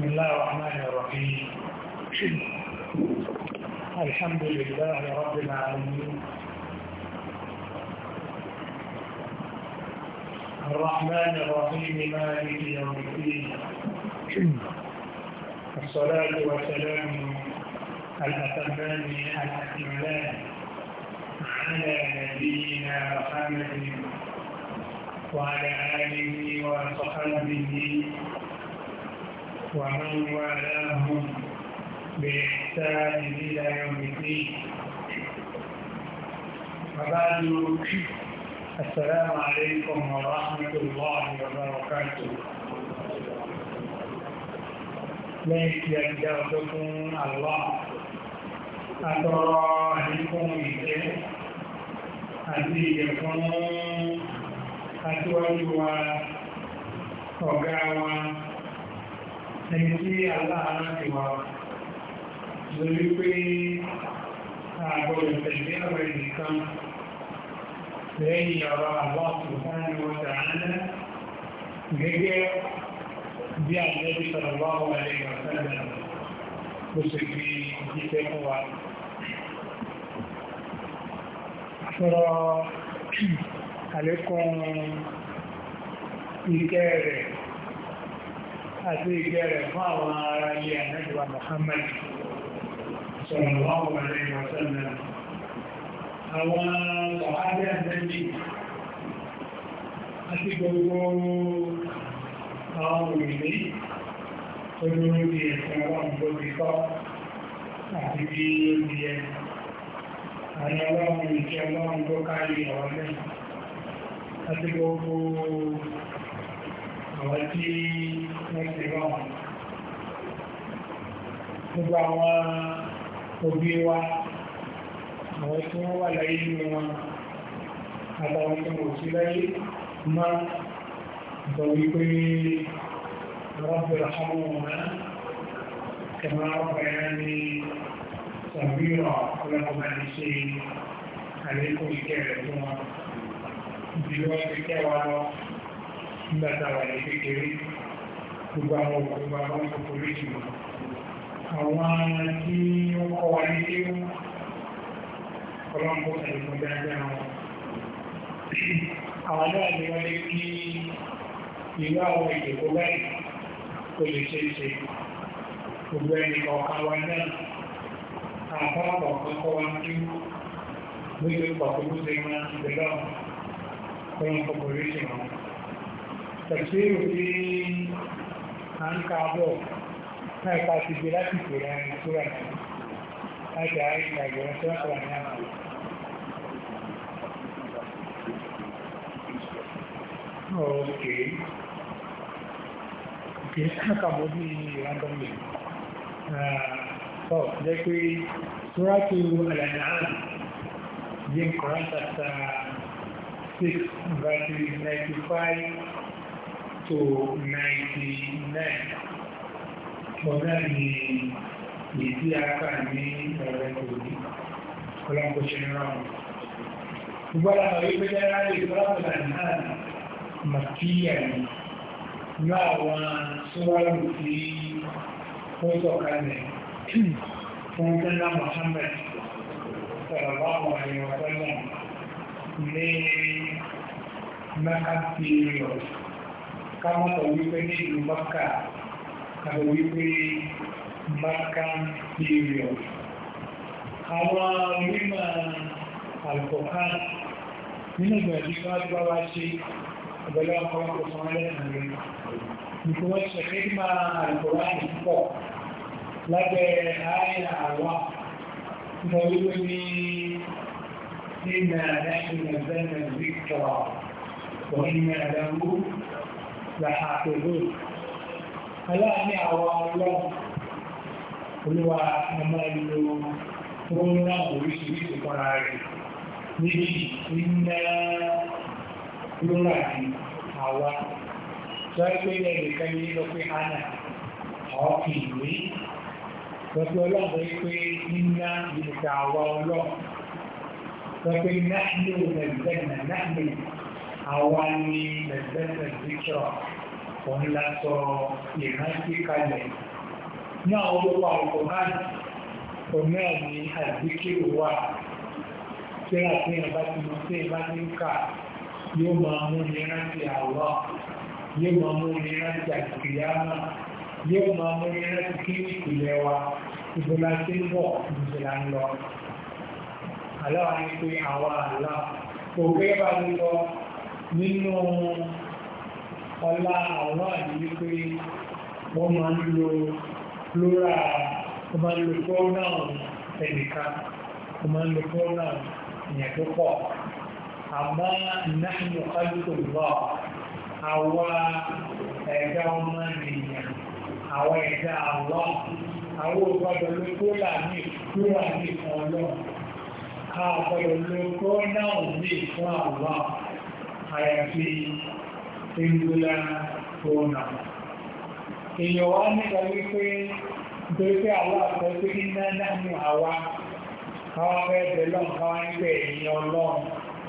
بسم الله الرحمن الرحيم الحمد لله رب العالمين الرحمن الرحيم مالك يوم الدين الصلاة والسلام الأتمان على نبينا محمد وعلى آله وصحبه ومن والاهم بإحسان إلى يوم الدين وبعد السلام عليكم ورحمة الله وبركاته ليس يجدكم الله أترى عليكم إليه àti ìyẹ̀fún aṣíwájú ọ̀gá wa ẹni tí aláàrá ti wà lórí pé àgbọ̀rọ̀ tẹ̀lé ọ̀rẹ́ nìkan lẹ́yìn ọ̀rọ̀ àbọ̀tù fáwọn ọ̀dà ánà gẹ́gẹ́ bí àjẹ́bí sọ̀rọ̀ wà wà lẹ́yìn ọ̀sẹ̀lẹ̀ bó ṣe fi jíṣẹ́ fún wa. Sọ̀rọ̀ àlékún ìkẹ́ rẹ̀ àti ìgbẹ́ rẹ̀ fún àwọn ará ilé àmẹ́jọba Muhammad sọ̀rọ̀lọ́wọ́ rẹ̀ wọ̀sánà àwọn ọ̀hádẹ́ àtẹ́jì àti gbogbo àwọn òmìnirí tó lórí àwọn tí wọ́n ti rán wọn gbogbo àwọn òbí wa àwọn tí wọ́n wà láyé nínú wọn àtàwọn tí wọ́n sí láyé máa bọ̀ wípé rọ́bìrì ọmọ wọn kẹmọ́ ọ̀bẹ̀rẹ̀ ní sàbírọ̀ ọlọ́pàá ní ṣe àlékún ìkẹrẹ̀ fún wọn ìdíwọ́ ìkẹwàá lọ nígbàtà wà ní kékeré gbogbo àwọn òkúgbà wọn kò kò rí jùlọ àwọn tí ó kọ́ wa ní kí ó ọlọ́pọ̀ ẹ̀lùmọ̀ dáadáa wọn àwọn náà ni wọ́n lé kí irú àwọn ìdìbò báyìí kò lè ṣe ṣe gbogbo ẹni kọ̀ọ̀kan wa náà àbábọ̀ kọ́kọ́ wa ní gbogbo ìpàkókò ṣe máa ń gbẹ̀lọ́ ọlọ́pọ̀ kò rí jùlọ tẹ̀síwò tí a ń ka bọ̀ náà ipa ti gbé láti ìpèrè àwọn ìṣúra náà láti àìsàn ìgbẹ̀rẹ̀ tó ń ní àwọn Okay. Okay, ká bí random name. Tọ́ uh, oh, jẹ́ pé Súrátù Al-An'am to 99 ọ̀nà ni ìdí aká ní ọ̀rẹ́ òní ọlọ́pọ̀ ṣe rán ìgbọ́lá ọ̀rí pé jẹ́ ráyè ìgbọ́lápọ̀lá náà màkíyà ní ní àwọn síwájú tí ó sọ̀kalẹ̀ fún tẹ́lá Mohammed sọ̀rọ̀láwọ̀ àyẹ̀wọ̀tọ́lá ní mẹ́kà pírọ̀tì ká má sọ wípé ní ìlú mọ́kà ká sọ wípé mọ́kà period àwọn mímọ̀ alkohol nínú ìgbẹ̀rẹ̀ tí wọ́n gbá wá sí ọ̀bẹ̀lẹ̀ ọkọ̀ ọkọ̀ sọ wọ́n lẹ́sìn rẹ̀ nípa wọ́n ṣe pé máa alkohol púpọ̀ lábẹ́ àáyà àwa nítorí wọ́n ní nínú ẹ̀rẹ́ ìrìnàjò ìrìnàjò ìrìnàjò làhàpẹ̀lú aláàánú àwọn ọlọ́run olúwa ọmọ ìlú wọn náà oríṣiríṣi fọ́nra rẹ̀ níbi iná lóra ní àwa sọ́ẹ́gbẹ́ ilẹ̀ nìkan ní lọ pé hánà àwọn kì í rí lọ́pẹ́ ọlọ́run pé iná ìdìkà àwa ọlọ́run lọ́pẹ́ náà ní òun ẹ̀gbẹ́ àwa ni ẹ̀gbẹ́sẹ̀ píṣọ̀ òun la sọ ìrántí kalẹ̀ ní àwọn gbogbo àwòkọ náà òun náà ni àdíkìrò wà tí a ti ń bá ti mọ sí ìbá ti ń kà yóò máa mú ní rántí àwọ̀ yóò máa mú ní rántí àkìyàmà yóò máa mú ní rántí kí ìpìlẹ̀ wa ìbúra tí ń bọ̀ ìbúra ń lọ. Àlọ́ àyíkú àwọn àlọ́ òun bá ń lọ nínú ọlá àwọn àdìyí pé wọ́n máa ń lo flora wọ́n máa ń lo pronoun ẹnìkan wọ́n máa ń lo pronoun ìyẹn tó pọ̀ àmọ́ ìnáhìnú kájúkò lọ àwa ẹ̀dá ọmọ ènìyàn àwọn ẹ̀dá àwọ̀ àwọn ògbọ́dọ̀ ló kólà ní ìfúra ní ìfọ̀ọ́lọ́ àwọn ògbọ́dọ̀ ló kólà ní ìfún àwọ̀ àyàfi singular pronoun èèyàn wá nígbà wípé nítorí pé àwọn àtọ́ pé ní náà ní àwa káwá fẹ́ bẹ̀lọ́n káwá níbẹ̀ èèyàn ọlọ́run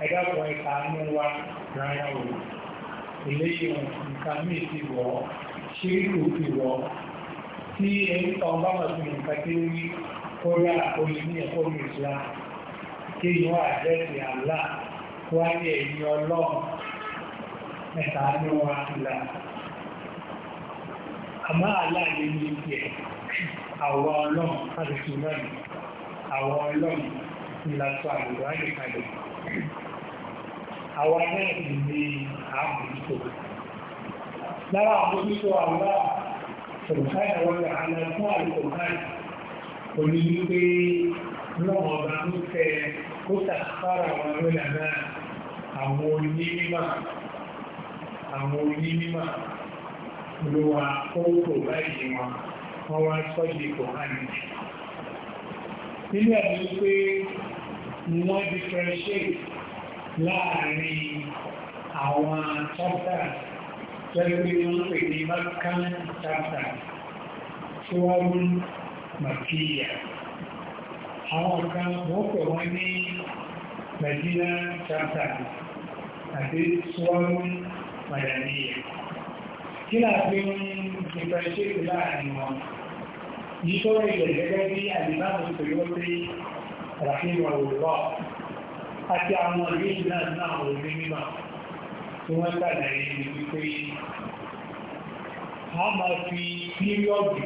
ẹ̀dàpọ̀ ẹ̀ka ní wa rárá o eléyìí nǹkan míì ti wọ̀ ọ́ ṣíríkù ti wọ̀ ọ́ tí ẹni tọ́ bá wà sí àlá wọ́n ní ẹ̀yìn ọlọ́run mẹ́ta ní wọn àlà àmọ́ àlà lè ní ibi ẹ̀ àwọn ọlọ́run àdùsù náà àwọn ọlọ́run ìlàtọ̀ àdùsù àdìkalẹ̀ àwọn náà sì ní àbùsù lára àbùsù àwọn ṣòkòtàì àwọn àlà fún àlùkòtàì onígbé lọ́wọ́ ọba ń fẹ́ kó sàkárà wọn lọ́yà náà àwọn onímọ̀ àwọn onímọ̀ ló wà kókò báyìí wọn wọ́n wá sọ́jì kò hàn nígbà tí ó pé wọ́n differentiate láàrin àwọn chapters lẹ́gbẹ́ wọ́n pè ní Makan chapters tí wọ́n mú Makiya àwọn kan wọ́n pè wọ́n ní Medina chapter àti Suwami Madaniya. Kí láti ń differentiate láàrin wọn? Yí tó rẹ̀ ilẹ̀ gẹ́gẹ́ bí àdìbáàmù pẹ̀lú pé Rahim Awolọ́ àti àwọn ìlú náà náà wò ní mímọ̀ tí wọ́n sàlàyé ní wípé a máa fi píríọ̀dù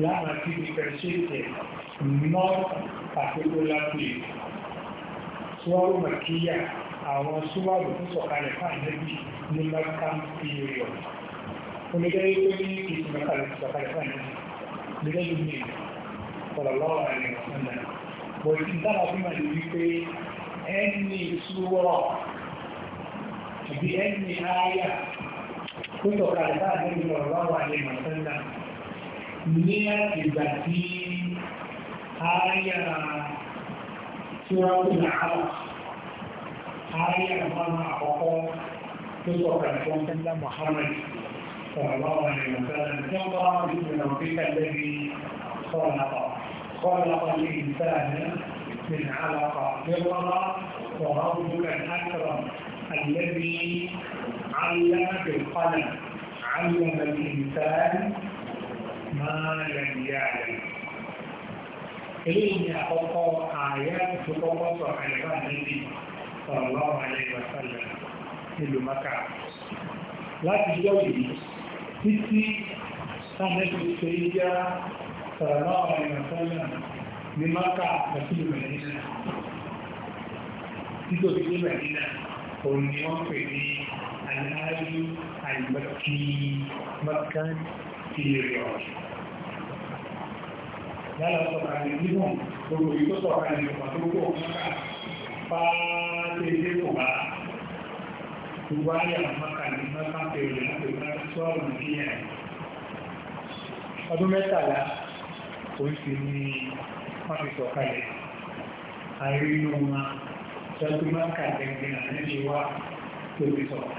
not particular place sùwárù màkíyà àwọn sùwárù tó sọ̀kalẹ̀ fún ànábì ní mẹ́ta píríọ̀ onígbẹ́rẹ́ tó ní ìsìn mẹ́ta lè sọ̀kalẹ̀ fún ànábì nígbẹ́ yìí ní ọ̀lọ́lọ́wọ́ àrẹ ọ̀nà bọ̀ ìsì dára fún ànábì wípé ẹni sùwárù àbí ẹni ààyà tó sọ̀kalẹ̀ fún ànábì ọ̀lọ́wọ́ àrẹ ọ̀nà ní àtìgbà tí ààyà tí wọ́n pè ní àlọ́ ààrẹ àgbọ̀nà àkọ́kọ́ tó sọ pẹ̀lú ọ̀sẹ̀lá Muhammad sallallahu alaihi wasallam tí wọ́n bá wọn bí ìrìnà òfíkà lẹ́bi sọ́ọ̀lápà sọ́ọ̀lápà ní ìsáàlẹ̀ من علقة مرة وربك الأكرم الذي علم بالقلم علم الإنسان ما لم يعلم eléyìí ni àkọ́kọ́ ààyè tó kọ́kọ́ sọ àyẹ̀wò àdébì sallallahu alaihi wasallam nílùú maka láti jọ yìí títí sáàmẹ́sì ṣe ń já sallallahu alaihi wasallam ní maka àti mẹ́rìnà títò sí mẹ́rìnà òun ni wọ́n pè ní yálà sọ̀rọ̀ àrẹ nínú gbogbo ìtò sọ̀rọ̀ àrẹ nípa tó kó ọ̀pọ̀lọpọ̀ pàtẹ́lẹ́ kò bá gbogbo ayé àwọn ní mọ́ta pèrè láti bá sọ́ọ̀rọ̀ nìyẹn ọdún mẹ́tàlá oríṣi ní wọ́n ti àìrínú wọn tọ́jú mọ́ta gẹ̀gẹ̀ àmẹ́lẹ́ wá lórí sọ̀rọ̀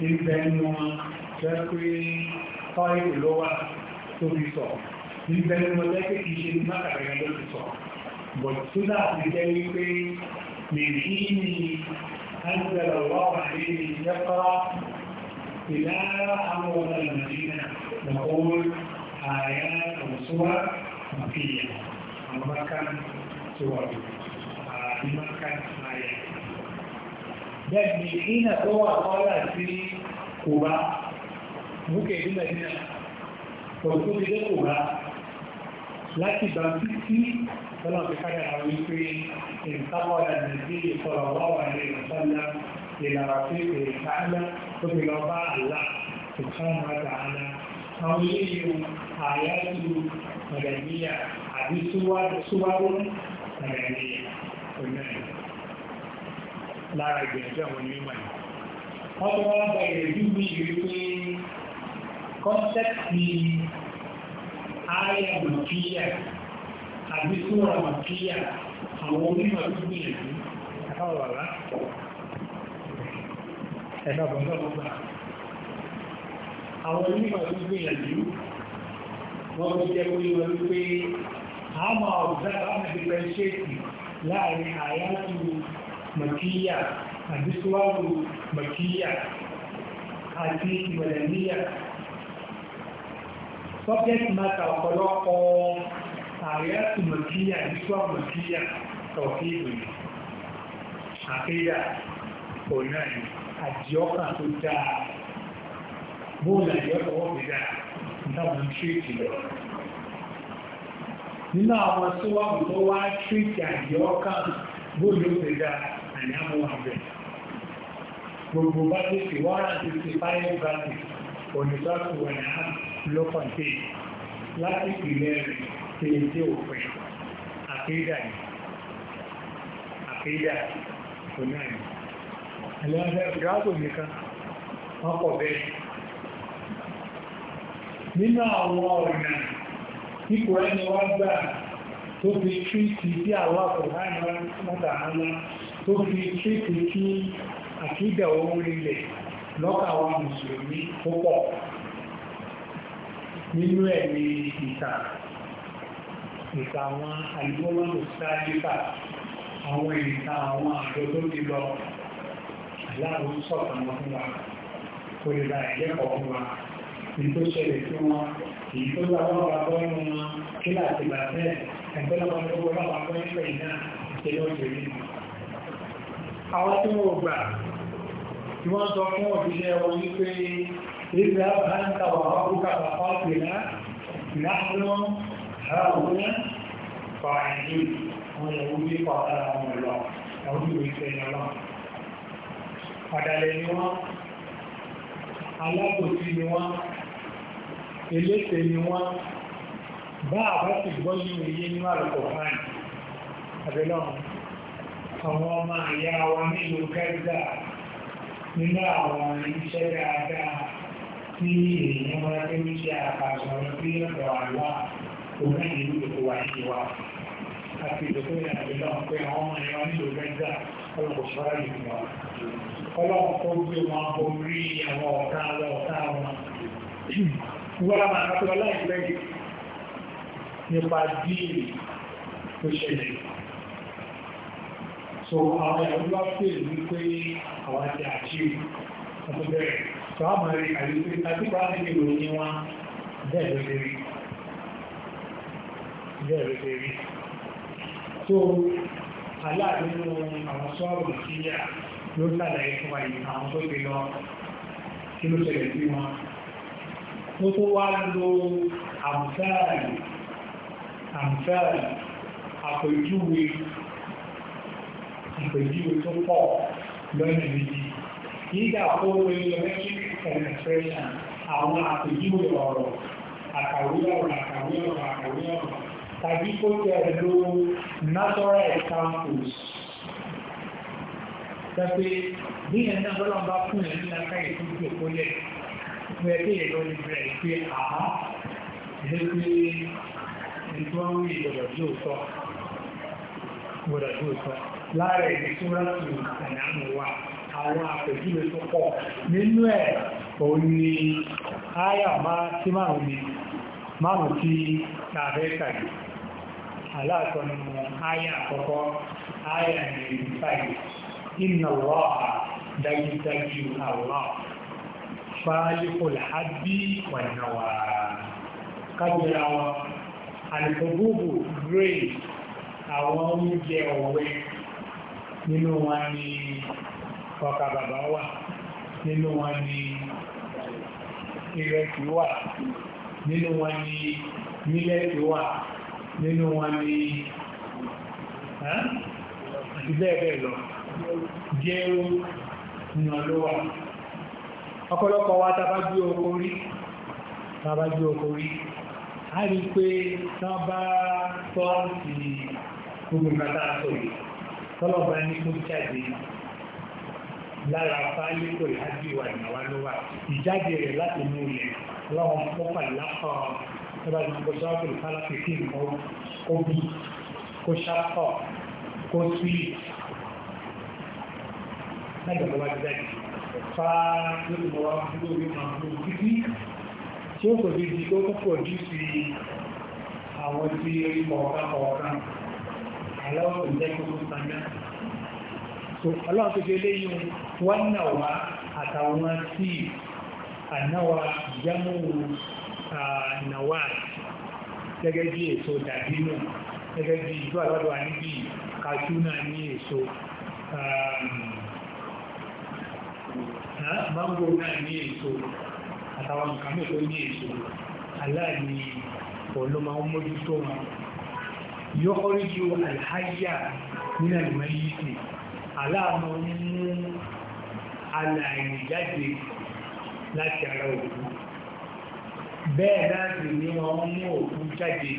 níbẹ̀ nù wọn tọ́jú kọ́ ìlú lọ́wọ́ lórí sọ̀rọ̀ nígbà ní mo jẹ́ pé kìí ṣe ní mákàtà ìgbà ló sọ but sódà ti jẹ́ wípé mèrí ni ánìgbàlà wà wà ní ìyẹ́pá ìlà àwọn ọ̀nà ìmọ̀lẹ́nà lọ́wọ́ ààyà ọ̀ṣọ́wà màfíyà àwọn bákà tó wà lórí àdìmọ́kà ààyà bẹ́ẹ̀ ni ìnà tó wà kọ́lá sí kùbá múkè ìdílẹ̀ náà tòótọ́ ti dé kùbá láti gbà títí lọ́nà tó kájà àwọn wípé ìtawọ́dà nàìjíríà sọ̀rọ̀ wáwà ní ìsọ́lá ìlànà tó ìrìn káàlá tó fi lọ bá àlá tó káàmù àtàlá àwọn iléyìn àyájú mọ̀dàníyà àbí súwárò mọ̀dàníyà onáyà lára ìgbìyànjú àwọn onímọ̀ yìí wọ́n tó wá gba ìrẹ́jú ààyà màkíyà àbí súnra màkíyà àwọn onímọ̀ tó gbìyànjú àwọ̀wàlá ẹ̀nà bọ̀gbọ̀gbà àwọn onímọ̀ tó gbìyànjú wọ́n ti jẹ́ orí wọn wípé àmà ọ̀gbẹ́ àmà ìfẹ́ṣẹ́ẹ̀tì láàrin àyájú màkíyà àbí súnra màkíyà àti ìmọ̀lẹ̀míyà subject matter ọ̀pọ̀lọpọ̀ àríyàtù mọ̀tíyà ìṣọ́ mọ̀tíyà tọ̀kí ìròyìn àkídà onáì àjíọ́kà tó àjíọ́kà wọ́n dáa bóòlù ó gbogbo bá ti fi wọ́n fáyé ló kọ̀ǹté láti ìpìlẹ̀ rẹ̀ tí ó òfin àkéjà ni àkéjà ni ẹlẹ́wọ̀n ìgbàgbò nìkan wọ́n pọ̀ bẹ́ẹ̀ nínú àwọn ọ̀nà ipò ẹni wá gbà tó fi tríkì sí àwọn àkọ̀láàrin látàrálá tó fi tríkì sí àkídà orí ilẹ̀ lọ́kàwà mùsùlùmí púpọ̀ nínú ẹ̀ ní ìtàn ìta àwọn àìgbọ́lọ́nù sáyíká àwọn ìta àwọn àjọ tó ti lọ aláàrùn sọ̀tàn wọn fún wa kò lè ra ìjẹ́kọ̀ọ́ fún wa èyí tó ṣẹlẹ̀ sí wọn èyí tó bá wọn bá bọ́ nínú wọn kí láti bà bẹ́ẹ̀ ẹgbẹ́ lọ́wọ́ lọ́wọ́ lọ́wọ́ bọ́ nípa ìná ìṣẹ̀lẹ̀ òṣèlú àwọn tí wọn gbà tí wọ́n sọ fún òṣìṣẹ́ wọn wípé اذهب انت وربك فقاتلا نحن هاهنا قاعدين àwọn yàwúdí pa ara àwọn ìlọ yàwúdí ìwé ìṣẹ́ ìyàlá àdàlẹ̀ ni wọ́n alákòsí ni wọ́n eléte ni wọ́n bá àbáṣì gbọ́ yìí yé nínú àlùkò fáìn àbẹ̀lọ́ àwọn ọmọ àyà wa nílùú kẹ́gbà nínú àwọn iṣẹ́ dáadáa tí èèyàn máa ń tẹ́wé ṣe àpàṣọ̀rọ̀ sí ọ̀dọ̀ àlá òun ìlú ètò wà ní ìwà àti ìdókòwò ìrìnàjò náà pé àwọn ọmọ ẹ̀yọ́ nílò rẹ́gbà ọlọ́pọ̀ sọ́rọ̀ yìí lọ. ọlọ́run tó gbé wọn borí àwọn ọ̀tá àwọn ọ̀tá wọn. wọ́n máa ń rántí ọláìpẹ́ nípa díìrì tó ṣẹlẹ̀. so àwọn ẹ̀rọ wá pè ní pé àwọn àti àṣírí ọdún bẹ̀rẹ̀ sọ́ọ̀mù rí àdúgbò àdúgbò àdúgbò ìròyìn wọn bẹ́ẹ̀ ló ṣe rí bẹ́ẹ̀ ló ṣe rí tó aláàdúgbò àwọn sọ́ọ̀mù nàìjíríà ló sàlàyé fún wa yìí àwọn tó ti lọ kí ló ṣẹlẹ̀ sí wọn ó tó wá lo àmsáàlì àmsáàlì àpèjúwe tó pọ̀ lọ́nà méjì nígbà tó lórí electric penetration àwọn àpèjúwe ọ̀rọ̀ àkàwé ọ̀rọ̀ àkàwé ọ̀rọ̀ àkàwé ọ̀rọ̀ tàbí kó tẹ̀ lo natural examples pẹ̀pẹ́ bí ẹ̀ náà bọ́lá bá fún ẹ̀ ní akáyè tó gbé kólẹ̀ fún ẹ kí èrò ní bẹ̀rẹ̀ pé àá lé pé ètò àwọn ìgbọ̀dọ̀ tí ó tọ́ gbọ̀dọ̀ tí ó tọ́ láàrẹ̀ ìdí tó rásùn àwọn àpèjúwe tó pọ̀ nínú ẹ̀ òun ni áyà máa tí márùn ni márùn tí láàrẹ́ kàrí aláàtọ̀nù áyà àkọ́kọ́ áyà ní ìfàyè inna Allaha dájúdájú Allah fáálíkòlù àbí wànáwà kájọra wọn alìfòbúbù gray àwọn oúnjẹ ọ̀wẹ́ nínú wọn ni ọkà bàbá wà nínú wọn ni ìrẹsì wà nínú wọn ni mílẹ̀tì wà nínú wọn ni àti bẹ́ẹ̀ bẹ́ẹ̀ lọ jẹ́rú nà ló wà ọ̀pọ̀lọpọ̀ wa tàbá gbé oko rí tàbá gbé oko rí a rí pé tán bá tọ́ sí gbogbo nǹkan tá a ní kó jáde lára fáálíkò ìhájú ìwà ìnáwá ló wà ìjáde rẹ̀ láti mú ilẹ̀ lọ́wọ́ pọ́pà lápọ̀ ẹgbẹ́ ìgbàgbọ́ sọ́ọ́kì ìfàlàkì kí nǹkan kó bí kó ṣàpọ̀ kó sí lágbàgbọ́ wájú jáde fa lórí mọ́ wá fún lórí máa fún títí tí ó kò fi di tó tó pọ̀ jù sí àwọn tí ó rí mọ̀ọ́ká mọ̀ọ́ká àlọ́ òjẹ́ kókó sáńdá so ọlọ́run tó fi léyìn wọ́n náà wá àtàwọn tí ànáwà jámù ànáwà gẹ́gẹ́ bí èso dàbínú gẹ́gẹ́ bí ìjọ àlọ́dọ̀ àníbí kàtú náà ní èso mango náà ní èso àtàwọn nǹkan mẹ́kọ́ ní èso aláàní ọlọ́mọ mójútó wọn yọ́kọ́rí ju àlháyà nínú àlùmọ́ yìí aláàmú nínú alàyè jáde láti ara òkú bẹ́ẹ̀ láti ní wọn mú òkú jáde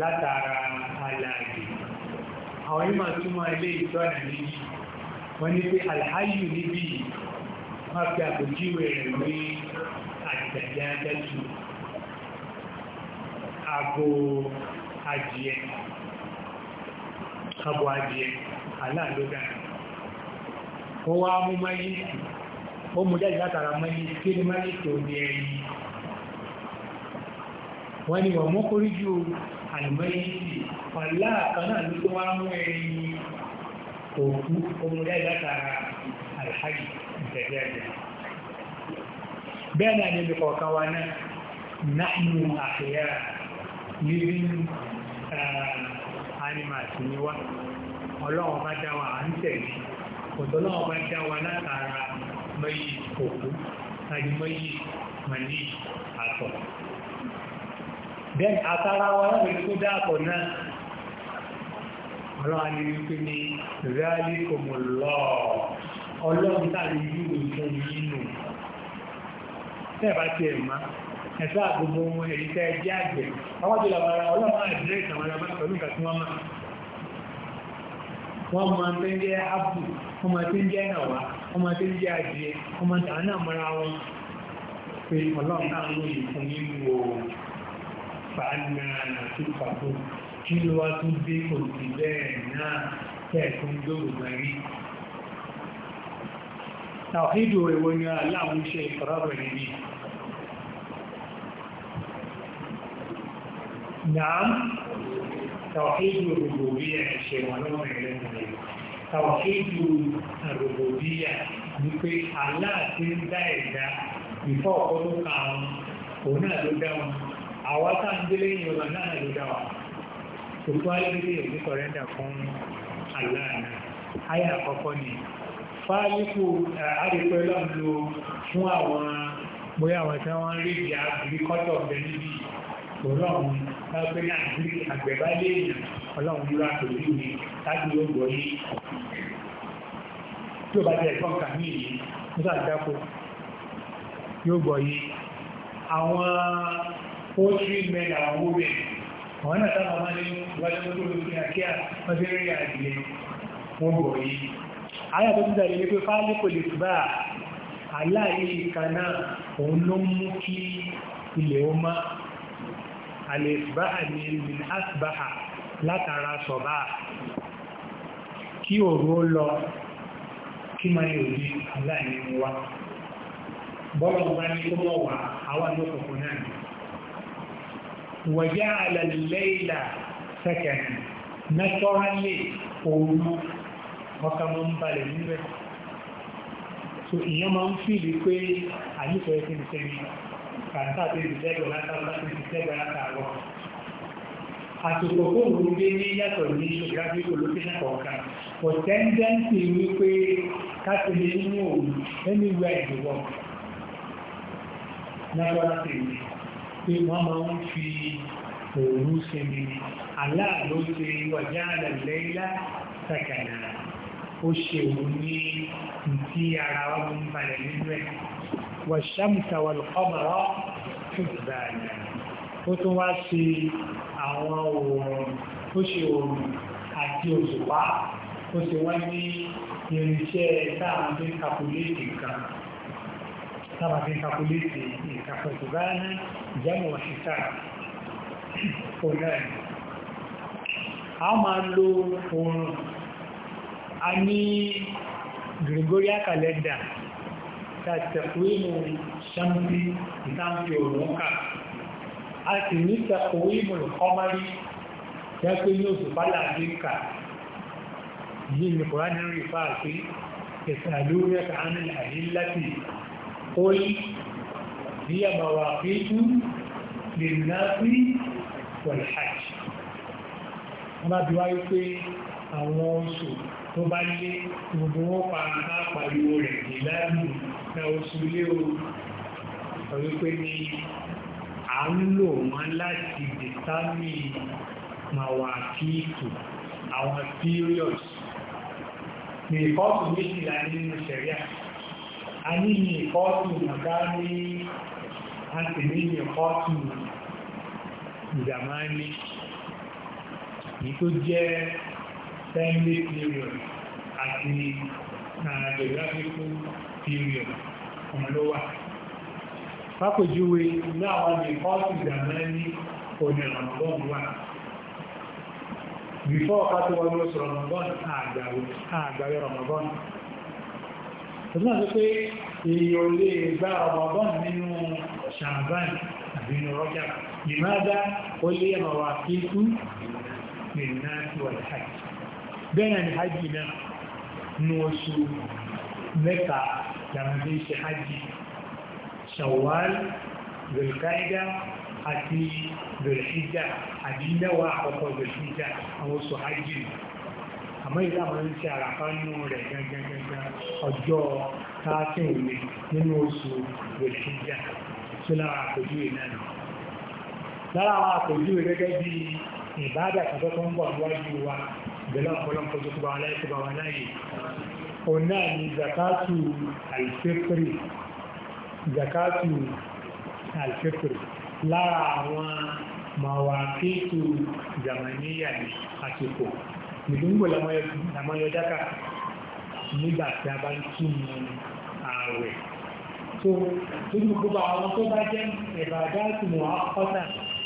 látara alàyè àwọn yíma túnmọ̀ ilé ìtọ́nà níbi wọ́n ní pé alhayu níbi wọ́n fi àpòjíwẹ̀ rẹ̀ ní àjàjá jájú àbò adìẹ àbò adìẹ aláàlódà wọ́n wá mú máyìsì ó mú jáde látara máyìsì kí ni máyìsì ò ní ẹ̀yìn wọ́n ni wọ́n mọ́kórí ju àlùmáyìsì ọ̀lá kan náà ló tó wá mú ẹ̀yìn òkú ó mú jáde látara alhaji ìtẹ̀lẹ́ ẹ̀jẹ̀ bẹ́ẹ̀ náà níbi kọ̀ọ̀kan wa náà nahnu àṣeyà living animals ni wá ọlọ́run bá dá wa à ń tẹ̀lé ọ̀tọ́lọ́ ọba dá wa látara mẹ́yì òkú àti mẹ́yì màní àtọ̀. then àtara wa láti kó dáàtọ̀ náà ọlọ́wà ní wípé ní rẹ́álí kò mọ̀ lọ wọ́n máa ti ń jẹ́ ápù wọ́n máa ti ń jẹ́ ẹ̀nàwá wọ́n máa ti ń jẹ́ adìẹ wọ́n máa tàn náà mọ́ra wọn pé ọlọ́run náà ló yìí fún nínú o fàánà àti pàtó kí ló wá tún dé kò sí bẹ́ẹ̀ náà tẹ̀kún lóògbà rí tàwídò ìwò ni aláwọn iṣẹ́ ìfọ̀rọ̀rọ̀ níbi náà توحيد الربوبية الشيء ونوع إليه توحيد الربوبية wípé aláàtí ń dá ẹ̀dá ìfọ́ ọ̀pọ̀lọ́ karùn-ún òun náà ló dá wọn àwa tá ń délé ìyọba náà ló dá wa kò tó ayébílé èdè kọ̀rẹ́ndà fún aláàánú ayé àkọ́kọ́ ni fáyípò àdìpẹ́ lọ́nà fún àwọn bóyá àwọn tí wọ́n rí ọgbẹ́ náà ní àgbẹ̀bá léèyàn ọlọ́run ní wàá pèsè mi láti yóò gbọ́ yé tí ó bá jẹ́ ẹ̀kọ́ nǹkan ní ìlú nígbà dáko yóò gbọ́ yé àwọn poultry men àwọn women àwọn náà sábà máa ní wájú mọ́tò lórí àkíyà wọ́n ti rí àdìyẹ wọ́n gbọ́ yé ayà tó ti dàrí ní pé fáálí kò lè bá aláàyè náà òun ló mú kí ilẹ̀ ó máa àlèbáà ní min asbaha látara sọ̀bá kí òru ó lọ kí máa yóò di aláìní wa bọ́lọ̀ bá ní kó mọ̀ wá àwọn àlòkòkò náà wọ̀já àlàlẹ́ ìlà sẹ́kẹ̀ẹ́ nẹ́tọ́rálẹ̀ òru mọ́ ń kàtà tó ti tẹ́gbọ̀ látàwọn tó ti tẹ́gbọ̀ látàwọn àtòkò fóònù gbé ní yàtọ̀ ní geographic location kọ̀ọ̀kan kò tẹ́ńdẹ́ǹtì wípé káṣílẹ̀ nínú òun anywhere in the world natural things pé wọ́n máa ń fi òun ṣe ni aláàló ṣe wàjá àlẹ́ ilá sàkànà ó ṣe òun ní ti ara wọn balẹ̀ nínú ẹ̀ wàṣàmùsà wà lọ́mọ̀rọ̀ fìdìbàní ó tún wá sí àwọn òòrùn ó ṣe òòrùn àti òṣùpá ó ṣe wá ní irinṣẹ́ táwọn fi ń kan táwọn fi ń kàkúléètì òṣìṣà òun a máa lo òòrùn a ní Gregorian calendar كتقويم الشمس بتاعت يومك أتني تقويم القمر يكون يوسف على ذلك يجي القرآن الرفاقي يسألونك عن الأهلة قل هي مواقيت للناس والحج wọ́n bá bí wáyé pé àwọn oṣù tó bá lé gbogbo wọn pa pariwo rẹ̀ ní láàrín na oṣù ilé o sọ wípé ní à ń lò wọ́n láti dìtámì màwàkíìtù àwọn periods ní ìkọ́ọ̀tù méjìlá nínú ṣẹ̀ríà a ní ní ìkọ́ọ̀tù màgá ní àti ní ní ìkọ́ọ̀tù ìdàmání ní tó jẹ́ family period àti uh, geographical period ọmọ ló wà pápòjúwe ní àwọn ní ọ́sì ìdàmẹ́ ní òní ọ̀nàbọ́n wà before kátó wọn ló sọ̀rọ̀ ọ̀nàbọ́n àgbàwẹ̀ ọ̀nàbọ́n tó náà tó pé èèyàn lè gba ọ̀nàbọ́n nínú ṣàbán àbí nínú rọ́jà ìmáadá ó lé ọ̀wà kíkú lè náà sí wà hajj bẹ́ẹ̀ ni hajj náà ní oṣù mẹ́ta làwọn tí ń ṣe hajj shawwal zulkaida àti zulhijja àti mẹ́wàá àkọ́kọ́ zulhijja àwọn oṣù hajj àmọ́ ìlà wọn ń ṣe àràfá nínú rẹ̀ gangan ọjọ́ káàkiri òní nínú oṣù zulhijja tó lára àpòjú ìlànà lára àwọn àpòjú gẹ́gẹ́ bí ìbádà kan tó ń bọ̀ níwájú wa bẹ̀lọ́ ọ̀pọ̀lọpọ̀ tó kú bá wọn láyé òun ni zakatu alfitri zakatu alfitri lára àwọn mawakitu jamaniya ni àsìkò ìdúngbò làwọn yọ jáka nígbà tí a bá ń túnmù ààwẹ̀ tó nínú gbogbo àwọn tó bá jẹ́ ìbàdáàtì mọ̀ àkọ́ta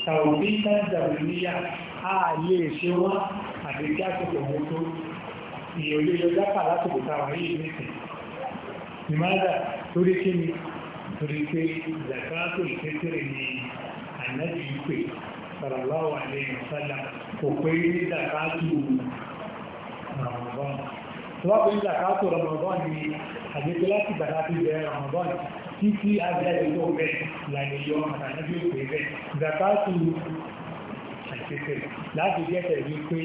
tàbí tàbí tàbí níyà a lè ṣe wọ́n àti jákòó tó èèyàn lè yọ jápà lásìkò táwọn ayé nìkan ìmáàdà torí kí ni torí pé zakato ìfẹ́sẹ̀rẹ̀ ni ànábì ń pè sallallahu alaihi wasallam kò pé ní zakato ramadan tó bá pé ní zakato ramadan ni àgbẹ̀tẹ̀ láti bàtà ti bẹ̀rẹ̀ ramadan títí ajáde tó bẹ̀ làyẹ̀yọ́ àtàlẹ́bí òpè bẹ̀ zakato àtìkẹ́kẹ́ láti jẹ́kẹ̀ rí pé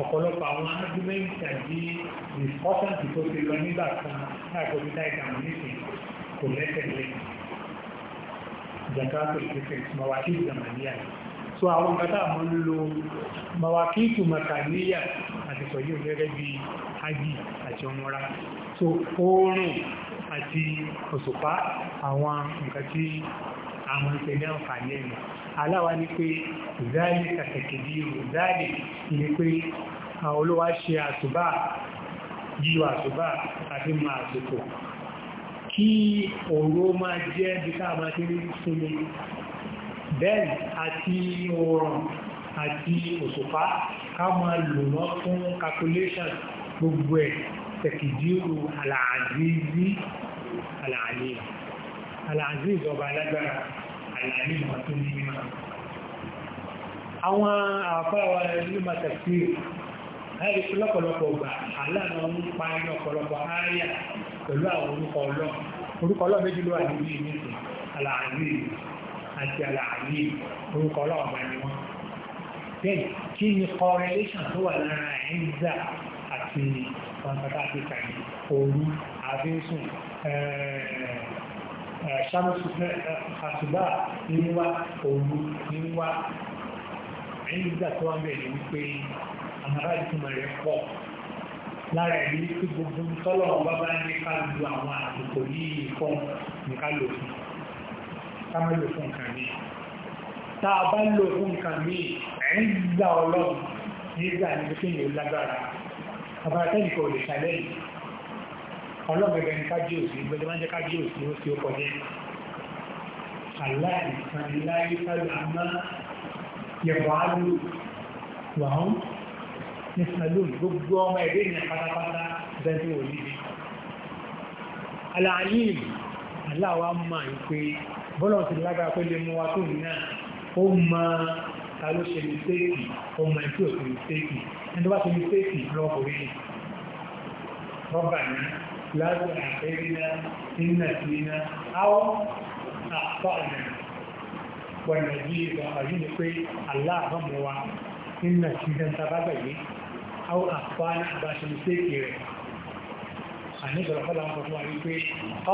ọ̀pọ̀lọpọ̀ àwọn argument àti discussion tó ti lọ nígbà kan láàkóbi táìkà nìsín kò lẹ́sẹ̀lẹ́ jàkátò ìpínlẹ̀ mawakí zamaniya so àwọn kátà mọ́ ń lo mawakí tù makaniya àti sọ̀yí gẹ́gẹ́ bí hajji àti ọmọra so oòrùn àti òṣùpá àwọn nǹkan tí àwọn ìṣẹ̀lẹ̀ àǹfààní ẹ̀mí aláwa ní pé ìdáàlì kàkẹ́kẹ́ bí ìdáàlì ní pé olówá ṣe àtúbà yíyọ àtúbà àti mọ àsìkò kí òru máa jẹ́ bí ká máa ti rí sinmi bẹ́ẹ̀ àti oòrùn gbogbo ẹ̀ tẹ̀kìdírù àlàáàzí àlàáàlì Al-Aziz ọba alágbára àlàní ìmọ̀ tó ní mímọ̀. Àwọn àfáwà ìlú Màtàkì láì fi lọ́pọ̀lọpọ̀ ọgbà aláàmà ń pa ní ọ̀pọ̀lọpọ̀ ááyà pẹ̀lú àwọn orúkọ ọlọ́ọ̀. Orúkọ ọlọ́ọ̀ méjì ló wà níbi ìmìtì, al ṣàmùsù àṣùbà níwá òru níwá ẹ̀yìn ìgbà tó wà bẹ̀rẹ̀ wípé àmàrà ìtumọ̀ rẹ̀ pọ̀ lára ẹ̀rí tí gbogbo tọ́lọ̀ ọba bá ní ká lu àwọn àsìkò yìí fún nǹkan lò fún ká má lò fún nǹkan mi tá a bá lò fún nǹkan mi ẹ̀yìn ìgbà ọlọ́run nígbà ní pé kéèyàn lágbára àbáratẹ́nìkan ò lè ṣàlẹ́yìn ọlọ́gbẹ̀gbẹ̀ ní kájíòsí gbẹ̀dẹ̀ máa jẹ́ kájíòsí ó tí ó kọjẹ́ aláìsànláyé sálàmá yẹ̀bọ̀ alú wàhún ní sàlùm gbogbo ọmọ ẹ̀dẹ́ ìyẹn pátápátá bẹ́ẹ̀ wò níbi aláàyìn aláwa máa ń pé bọ́lọ̀ ti lágbára pé lè mú wa tó náà ó máa ta ló ṣe mistéèkì ọmọ ẹ̀ tí lábẹ́ àfẹ́rínà nínà sínà áwọ́ àpáàdà pọ̀nà bí ìgbà àrí ní pé aláàbọ̀mọ̀wá nínà sínà tàbábẹ̀yẹ áwọ́ àpáàdà àbáṣe ní séèkì rẹ̀ àníbọ̀ lọ́pọ̀lọ́ àwọn ọmọ rí pé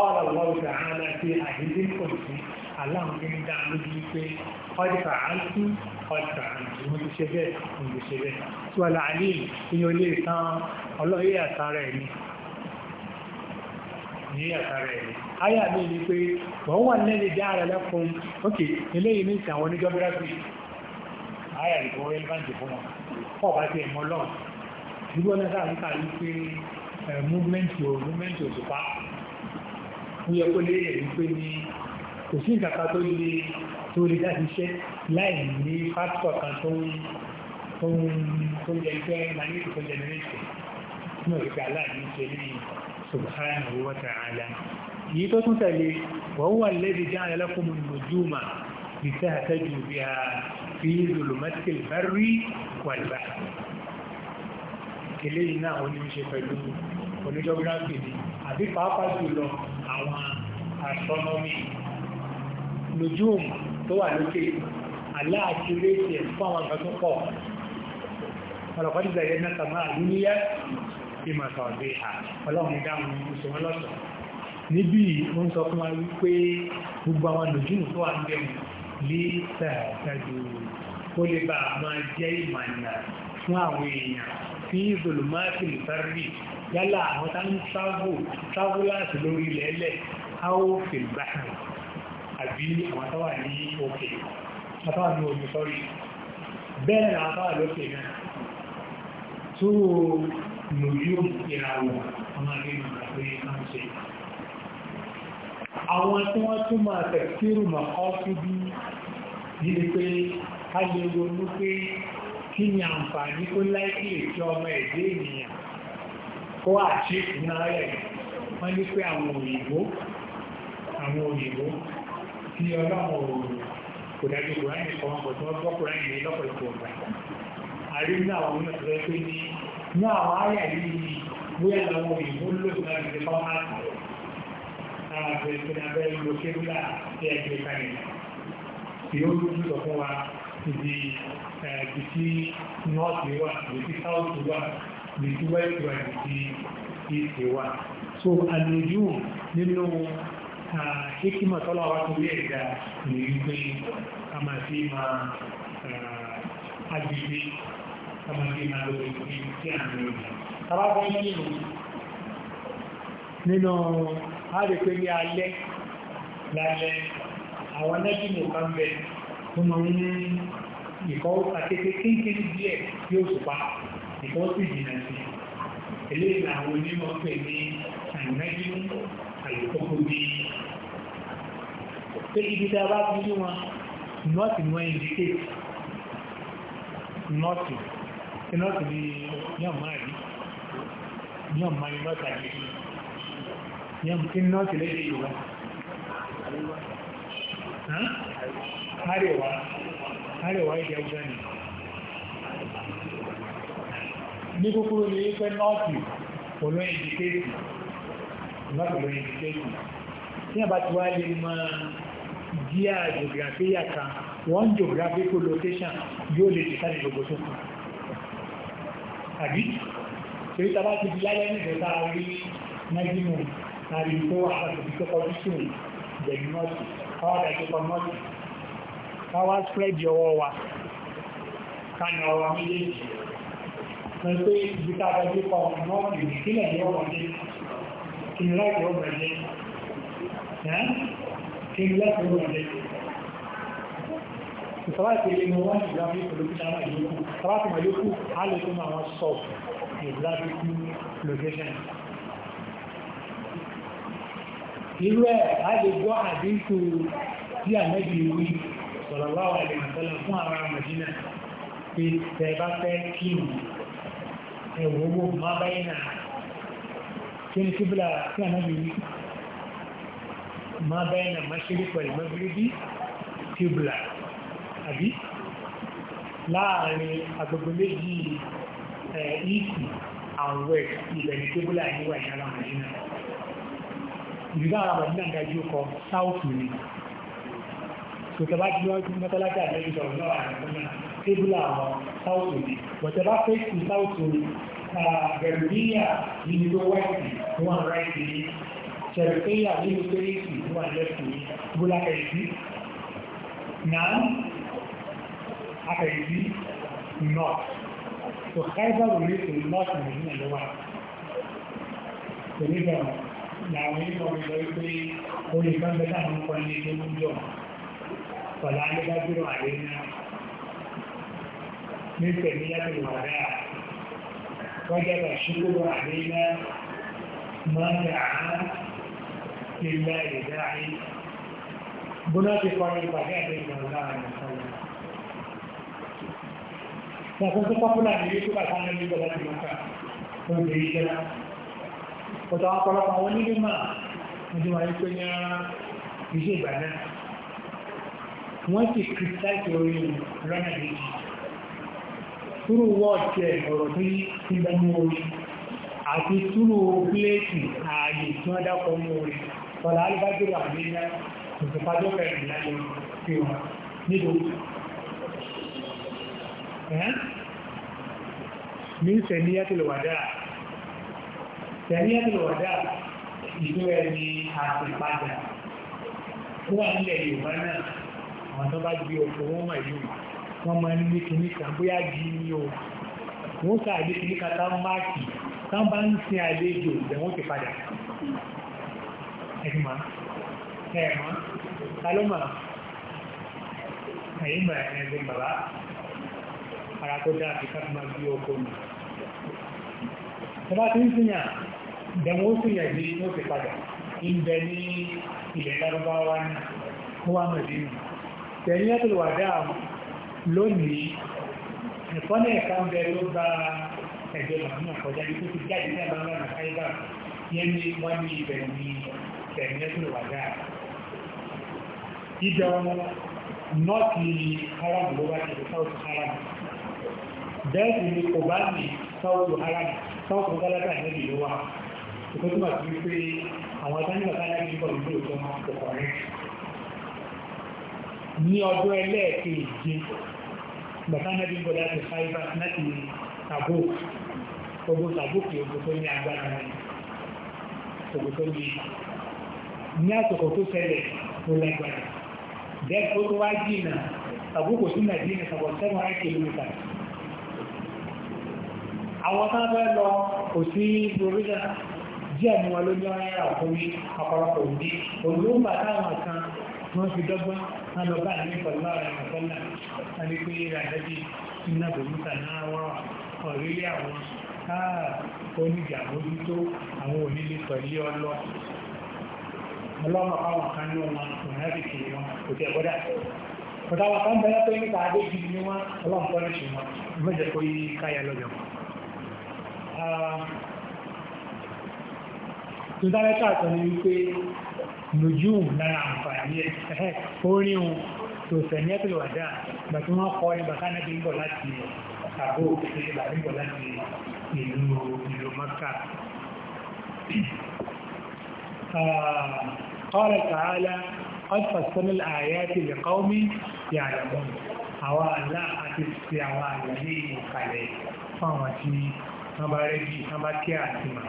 ọ́ọ̀lá wọ́n ta ààlá sí àhíndé pọ̀ sí aláàmúgbé ń dá lójú wípé ọdíkà àǹtí ọdíkà àǹtí wọ́n ti ṣe bẹ́ẹ̀ wọ́n ti ṣe bẹ́ẹ̀ tí wọ́n láàrín ìyọlé ìtàn ọlọ́yẹ̀ àtàrà ẹ̀mí ní àtàrà ẹ̀rí ayà mi ni pé wọ́n wà lẹ́lẹ̀ dá ara lẹ́kùn ok eléyìí ní ìsìn àwọn oníjọ́gírafì ayà rẹ̀ wọ́n rẹ́lẹ́bàǹtì fún wọn pọ̀ bá ti ẹ̀mọ́ lọ́n ìlú ọ̀nà sáà nípa yìí pé múvmẹ́ntì ò múvmẹ́ntì ò sùpá ó yẹ kó lé ẹ̀rí pé ní kò sí ìkàkà tó lè tó lè dá ṣiṣẹ́ láì ní pásítọ̀ kan tó ń tó ń jẹ iṣẹ́ magnetic generation ní òkè aláàbí ṣe ní subhanahu wa ta'ala yìí tó tún tẹ̀lé wa huwa alladhi ja'ala lakumu an-nujuma litahtaju biha fi zulumati al-barri wal-bahr kele yìí náà oníṣe pẹ̀lú oníjọ́gíráfì ni àbí pàápàá jùlọ àwọn astronomy nujum tó wà lókè aláàkí rédíẹ̀ fún àwọn nǹkan tó pọ̀ ọ̀rọ̀ pàdé ìgbà yẹn náà kàmá àlúníyà ìmọ̀ sọ̀dé à ọlọ́run dáhùn oṣù wọn lọ́sọ̀ níbi ó ń sọ fún wa wípé gbogbo àwọn lòjúmù tó wà ń bẹ̀rù lè tààtàjò kó lè bá a máa jẹ́ ìmọ̀nà fún àwọn èèyàn fi zolomati lùfẹ́rì yálà àwọn tá ń sáfò sáfò láti lórí ilẹ̀ ẹlẹ̀ áwò fèlbáhà lò yóò ìràwọ̀ ọmọ ilé màkà pé máa ń ṣe àwọn tí wọ́n tún máa tẹ̀síru màkọ́ sí bí nílé pé ká lè ronú pé kí ni àǹfààní tó láìpẹ́ ìṣe ọmọ ẹ̀dẹ́ ènìyàn kó àṣẹ ìpínlẹ̀ rẹ̀ wọ́n ní pé àwọn òyìnbó àwọn òyìnbó tí ọlọ́run kò dájú kùránì kan kò tí wọ́n gbọ́ ní àwọn ayà yìí bóyá lọ́wọ́ ìmúlò náà ti fọ́mátì àwọn àgbẹ̀sìn abẹ́ ìlú kébílà tí ẹgbẹ́ kalẹ̀ tí ó lójú sọ fún wa ibi ibi tí nọ́ọ̀tì wà ibi tí sáwùtì so àlejò nínú hikima tọ́lá wa tó lé ẹ̀dá ní wípé a máa fi kama ṣe máa lọ sí sí àmì òjò tàbábọ́ nínú nínú àrèpé ní alẹ́ lálẹ́ àwọn nẹ́jìnì kan bẹ̀ tó mọ̀ ní ìkọ́ àkété kíńkíní díẹ̀ yóò ṣùpá ìkọ́ sì jìnà sí eléyìí àwọn onímọ̀ pè ní àìmẹ́jìnì àlùkòkò bí pé ibi tí a bá fi rí iná sì ni yọ̀mọ̀ rí yọ̀mọ̀ ni lọ́ta yìí yọ̀mọ̀ kí iná sì léde ìwọ̀ àríwá àríwá ìdí ọjọ́ ni ní kúkúrú ní wípé nọ́ọ̀tì olóyìn dìkéèkì nọ́ọ̀tì olóyìn dìkéèkì tí a bá ti wá lè mọ díà geography yàtà one geographical location yóò lè dìkáàdì gbogbo tó kù àbí torí tàbá ti di lálẹ́ ní ìjọba rí nájínú àrí tó wà àti tó kọjú sí ìjẹ̀bí nọ́ọ̀tì káwá dájú kọ nọ́ọ̀tì káwá spread ọwọ́ wa kánà ọwọ́ méjèèjì lọ pé ìjọba dájú kọ nọ́ọ̀tì ìpínlẹ̀ yóò wọlé kí ni láti ó bẹ̀rẹ̀ ìsọ́wá ìpele inú wọ́n ti gbáfí location àwọn ìlúkù sọ́wọ́pù ma yókù á lè tó máa wọ́n sọ geographic location irú ẹ̀ á lè gbọ́ àdínkù tí àmẹ́bí ìwú sọ̀rọ̀láwà ilẹ̀ àtẹ́lẹ̀ fún ara mẹ́jìnà pé tẹ̀bá fẹ́ kí ẹ̀wọ̀ owó má báyìí náà kí ni kíbílà tí àmẹ́bí ìwú má báyìí náà má ṣe rí pẹ̀lú mẹ́bílì bí kíbílà àbí láàrin agbègbè méjì ìsì àwọn west ilẹ̀ ní tébúlà ìníwà ìyára mọ̀dínà ìdílé ara mọ̀dínà dájú kọ south ni tòtẹ́bá tí wọ́n tún mọ́tọ́lájà lẹ́yìn ọ̀rọ̀ náà àrùn tébúlà àwọn south ni bọ̀tẹ́bá fẹ́ẹ̀sì south ni gẹ̀rùbíyà nínú tó west ní wọ́n ráìtì ní ṣẹ̀rùkẹ́yà nínú tó east ní wọ́n lẹ́fì ní búlákẹ̀ẹ́sì náà Abẹ̀yí North. So Kaiser will lead to North Nigeria ló wà. Pẹ̀lú ìjọba làwọn onímọ̀ mi lọ wípé olè kan bẹ táwọn ń kọ́ ní ilé ń jọ. Ọ̀la Adébájúrò Àlẹ́ náà ní pẹ̀lú yàtọ̀ ìwà náà. Wọ́n ṣíkúrò Àlẹ́ náà máa ń dà á ilẹ̀ ìdáyé. Bóná ti kọrin pàdé àti ìgbàlá àyàfọ́ yìí yàtọ̀ tó pọ́pùlà ní yóò bá sáà lẹ́nu ìjọba ti máa kà tó ń bèèrè ìjọba ọ̀tọ̀ ọ̀pọ̀lọpọ̀ àwọn onílé máa ń di wáyé pé ní ara iṣẹ́ ìgbà náà wọ́n ti kìrìtàìtì orí lọ́nà méjì túrú wọ́ọ̀tì ẹ̀ ọ̀rọ̀ tó yí ti bá mú orí àti túrú pléètì ààyè tu. wọ́n dákọ̀ mú orí ọ̀là alùbájọ́ min saniyatul wada saniyatul wada ìlú ẹni àtìpadà wà nílẹ̀ yorùbá náà àwọn tó bá gbé ọkọ̀ wọn wà yìí wọ́n máa ń ní kìíní kan bóyá jí ní o wọ́n ká àdé kìíní kan táwọn máàkì táwọn bá ń sin àlejò ìdẹ̀wọ́n bàbá ara tó dáa ti káàkiri máa bí ọkọ̀ nù tọba tí ń sínyà dẹ̀wọ́ sínyà ní ó ti padà ìbẹ̀ ní ilẹ̀ lárúbáwá ní kówá mẹ́rin tẹ̀lé ẹ̀tọ́ lè wà dáa lónìí ẹ̀kọ́ ní ẹ̀ka ń bẹ ló bá ẹ̀jẹ̀ màmú àkọjá ní tó ti jáde ní àbámọ́ àmì àìbá ló bá ti sáwọ́sì arab bẹ́ẹ̀ sì ni kò bá ní sọ́ọ̀tù alága sọ́ọ̀tù alága níbi ìlú wa ìkó tó bá ti wípé àwọn ìdájọ́ alága ní bọ̀ nílò tó máa kò kọ̀rẹ́ ní ọdún ẹlẹ́ẹ̀kejì bàtánẹ́bí bọ̀dá ti fáìbà láti tàbó ogun tàbó kí ogun tó ní agbára rẹ̀ ogun tó ní ní àsìkò tó ṣẹlẹ̀ tó lágbára bẹ́ẹ̀ tó tó wá jìnnà tàbó kò sí nàìjíríà sàbọ̀ km àwọn tán fẹ́ lọ kò sí provision díẹ̀ ní wọn ló ní ọ̀rẹ́ àkórí ọ̀pọ̀lọpọ̀ òní olóńgbà táwọn kan wọ́n fi dọ́gbọ́n wọn lọ bá ní ìfọ̀lọ́ rẹ̀ àkọ́lá àti pé ìrànlẹ́bí iná bòmúta náà wọ́n ọ̀rẹ́lẹ́ àwọn káà oníjà mójútó àwọn onílé pẹ̀lú ọlọ́ ọlọ́mọ káwọn kan ní wọn ìrìnàbìkì wọn kò tẹ̀ bọ́dà kọ̀dáwà kan bẹ̀rẹ̀ pé nípa adé gidi ni wọn ọlọ́mọ kọ́lẹ́ṣì wọn mẹ́jẹ̀ kó yí káyà lọ́jọ́ wọn tó dára káàkiri ní wípé lójú lára àǹfààní ẹ̀ orin tó sẹ̀mí ẹ̀ tó lè wọ́n kọ́ ẹgbà ká náà bọ̀ láti àbò òkèèrè bà ní láti ìlú ìlú mọ́ká قال تعالى قد فصلنا الآيات لقوم يعلمون àwọn aláàtí sí àwọn àyàlé ìkàlẹ̀ àwọn tí tán bá rẹ́jì tán bá kí àti mà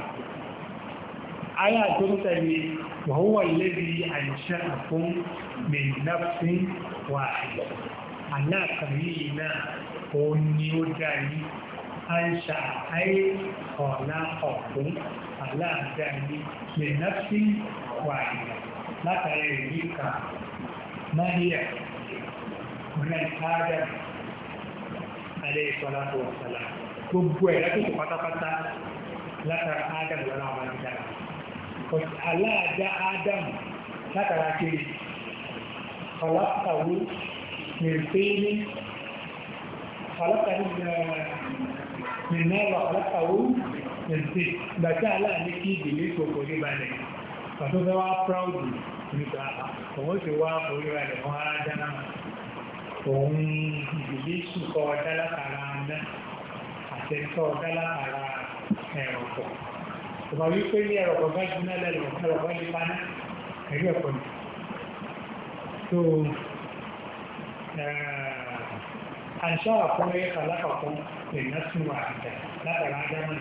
ayé àtọ́nítàlẹ̀ wàhúwà lẹ́bi àìṣẹ́ àfún mẹ́nàfín wà àìyàn aláàkàrí yìí náà òun ni ó dá yìí àìṣà ayé ọ̀la ọ̀fún aláàdá yìí wà àìyàn látàrí ìrí kan máyà ọ̀nà ìpáàdà alẹ́ ìsọ́lá tó gbogbo ẹ̀ lápẹ̀tẹ̀ pátápátá látara ádámù lọ́nà àwọn àdìdá aláàdá ádámù látara kiri ọlọ́pàáwó mẹ́rẹ̀fẹ́ẹ́lẹ́ ọlọ́pàáwó mẹ́rẹ̀fẹ́ẹ́lẹ́ ọlọ́pàáwó mẹ́rẹ̀fẹ́ gbàtà aláàdé kí ìdílé gbogbo ní balẹ̀ pàtó fẹ́ wá púráùdù nígbà òun ti wá orí balẹ̀ fún ádámù òun ìdílé sùkọ́ dálákàrá náà àtẹ̀tọ́ dálátara ẹ̀rọ̀pọ̀ ọba wípé ní ẹ̀rọ̀pọ̀ bá jiná lẹ́lọ̀pọ̀ ẹ̀rọ̀pọ̀ lè paná ẹ̀rí ẹ̀pọ̀ ni so àṣà àkọ́rẹ́ alákọ̀ọ́kọ́ lè ná sí wà àjà látara ádámù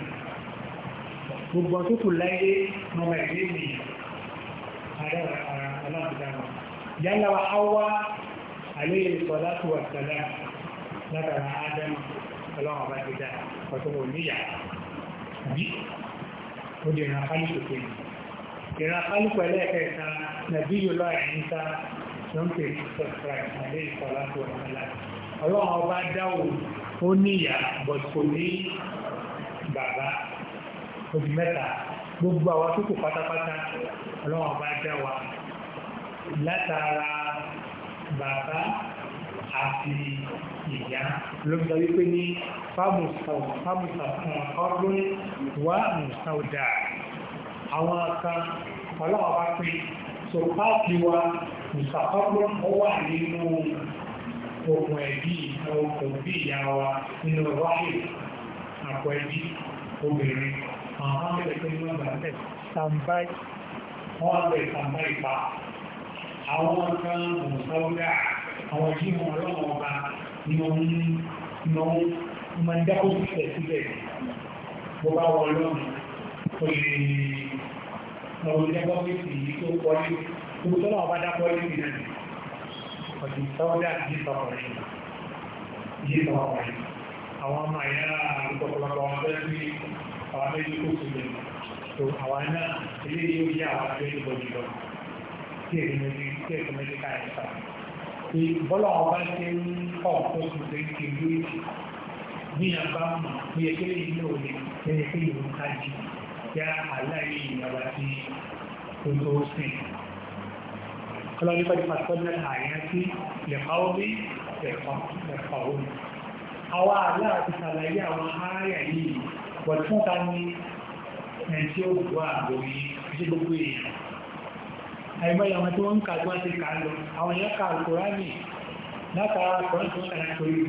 gbogbo tó láyé mọ́mọ ìdí ènìyàn aláàbùdáwà yálà wa hawa àléyìn sọlá tó wà látara ádámù ọlọ́run ọba ti dá ọ̀tọ̀ wọn níyà bí ó di ìran kálùkù pé ìran kálùkù ẹlẹ́ẹ̀kẹta nàbí yóò lọ ẹ̀yìn ta ló subscribe àlẹ́ ìfọ̀lá tó wà nílá ọlọ́run ọba dáwò ó níyà but kò ní bàbá ojú mẹ́ta gbogbo àwọn tó kù pátápátá ọlọ́run ọba dá wa látara bàbá àti ìyá ló ń sọ wípé ní fámùsà fún ọdún wà mùsàúdà àwọn kan ọlọ́wọ́ bá pé so páàkì wa mùsàkọ́gbọ́n ó wà nínú ogun ẹ̀bí ogun bí ìyá wa nínú ráyè àpò ẹbí obìnrin àwọn ọmọdé tó ní wọ́n gbà bẹ́ẹ̀ sàmbáì wọ́n bẹ̀ sàmbáì pa àwọn kan mùsàúdà àwọn tí wọn ọlọ́wọ́ ọba ni wọn ní wọn máa ń dákó sílẹ̀ sílẹ̀ bó bá wọ ọlọ́run tó lè lọ́wọ́ ìjẹ́gbọ́ méjì yìí tó kọ́lé gbogbo tó náà bá dá kọ́lé sí náà ọ̀dì sọ́ọ́dà yìí sọ̀rọ̀ yìí sọ̀rọ̀ yìí àwọn ọmọ ìyá àlùkọ̀kọ̀lọ̀kọ̀ wọn fẹ́ sí àwọn méjì kó sílẹ̀ tó àwọn náà ilé yóò yá àwọn abẹ́lẹ́gbọ̀ jùlọ tí èdè méjì káyẹ̀ sáà pé bọ́lá ọba ṣe ń kọ́ ọ̀pọ̀ ṣùgbọ́n ṣe ló ní àbá mọ̀ ní ẹgbẹ́ ilé òde ẹgbẹ́ pé ìlú kájí yá aláìní ìyàwó àti oṣù ọ̀sìn. kọ́lọ́dé pàdé pàṣẹ àyàn sí lẹ́fà omi lẹ́fà omi. àwa àlá àti sàlàyé àwọn aráyà yìí wọ̀tún ta ní nàìjíríà òkú àgbòyí ṣe gbogbo èèyàn àìmọ́ ìyàwó tí wọ́n ń kàgbọ́ ti kà lọ àwọn èèyàn ka alkùránì látara kùránì tó ń kàrà torí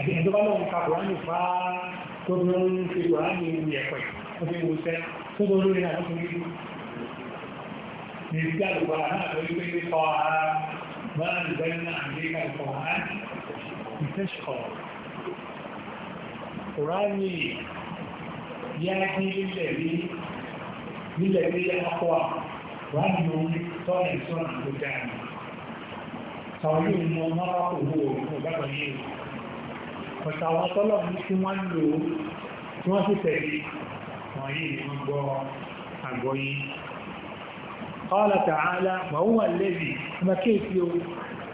ẹ̀yìn tó bá lọ́wọ́ ka kùránì fá tó dúró ń fi kùránì ewu ẹ̀pẹ̀ tó fi wù sẹ́ tó tó lórí náà tó rí ní ìsí àlùkọ́ra náà tó rí pé ní kọ́ ara máa ń bẹ́ẹ̀ náà ní kàlùkọ́ ara ìfẹ́ṣkọ̀ kùránì yá sí ilẹ̀ ní nílẹ̀ pé ọkọ̀ wọ́n àwọn ọmọ pápọ̀ owó ọgbàgbà yìí ọ̀tà o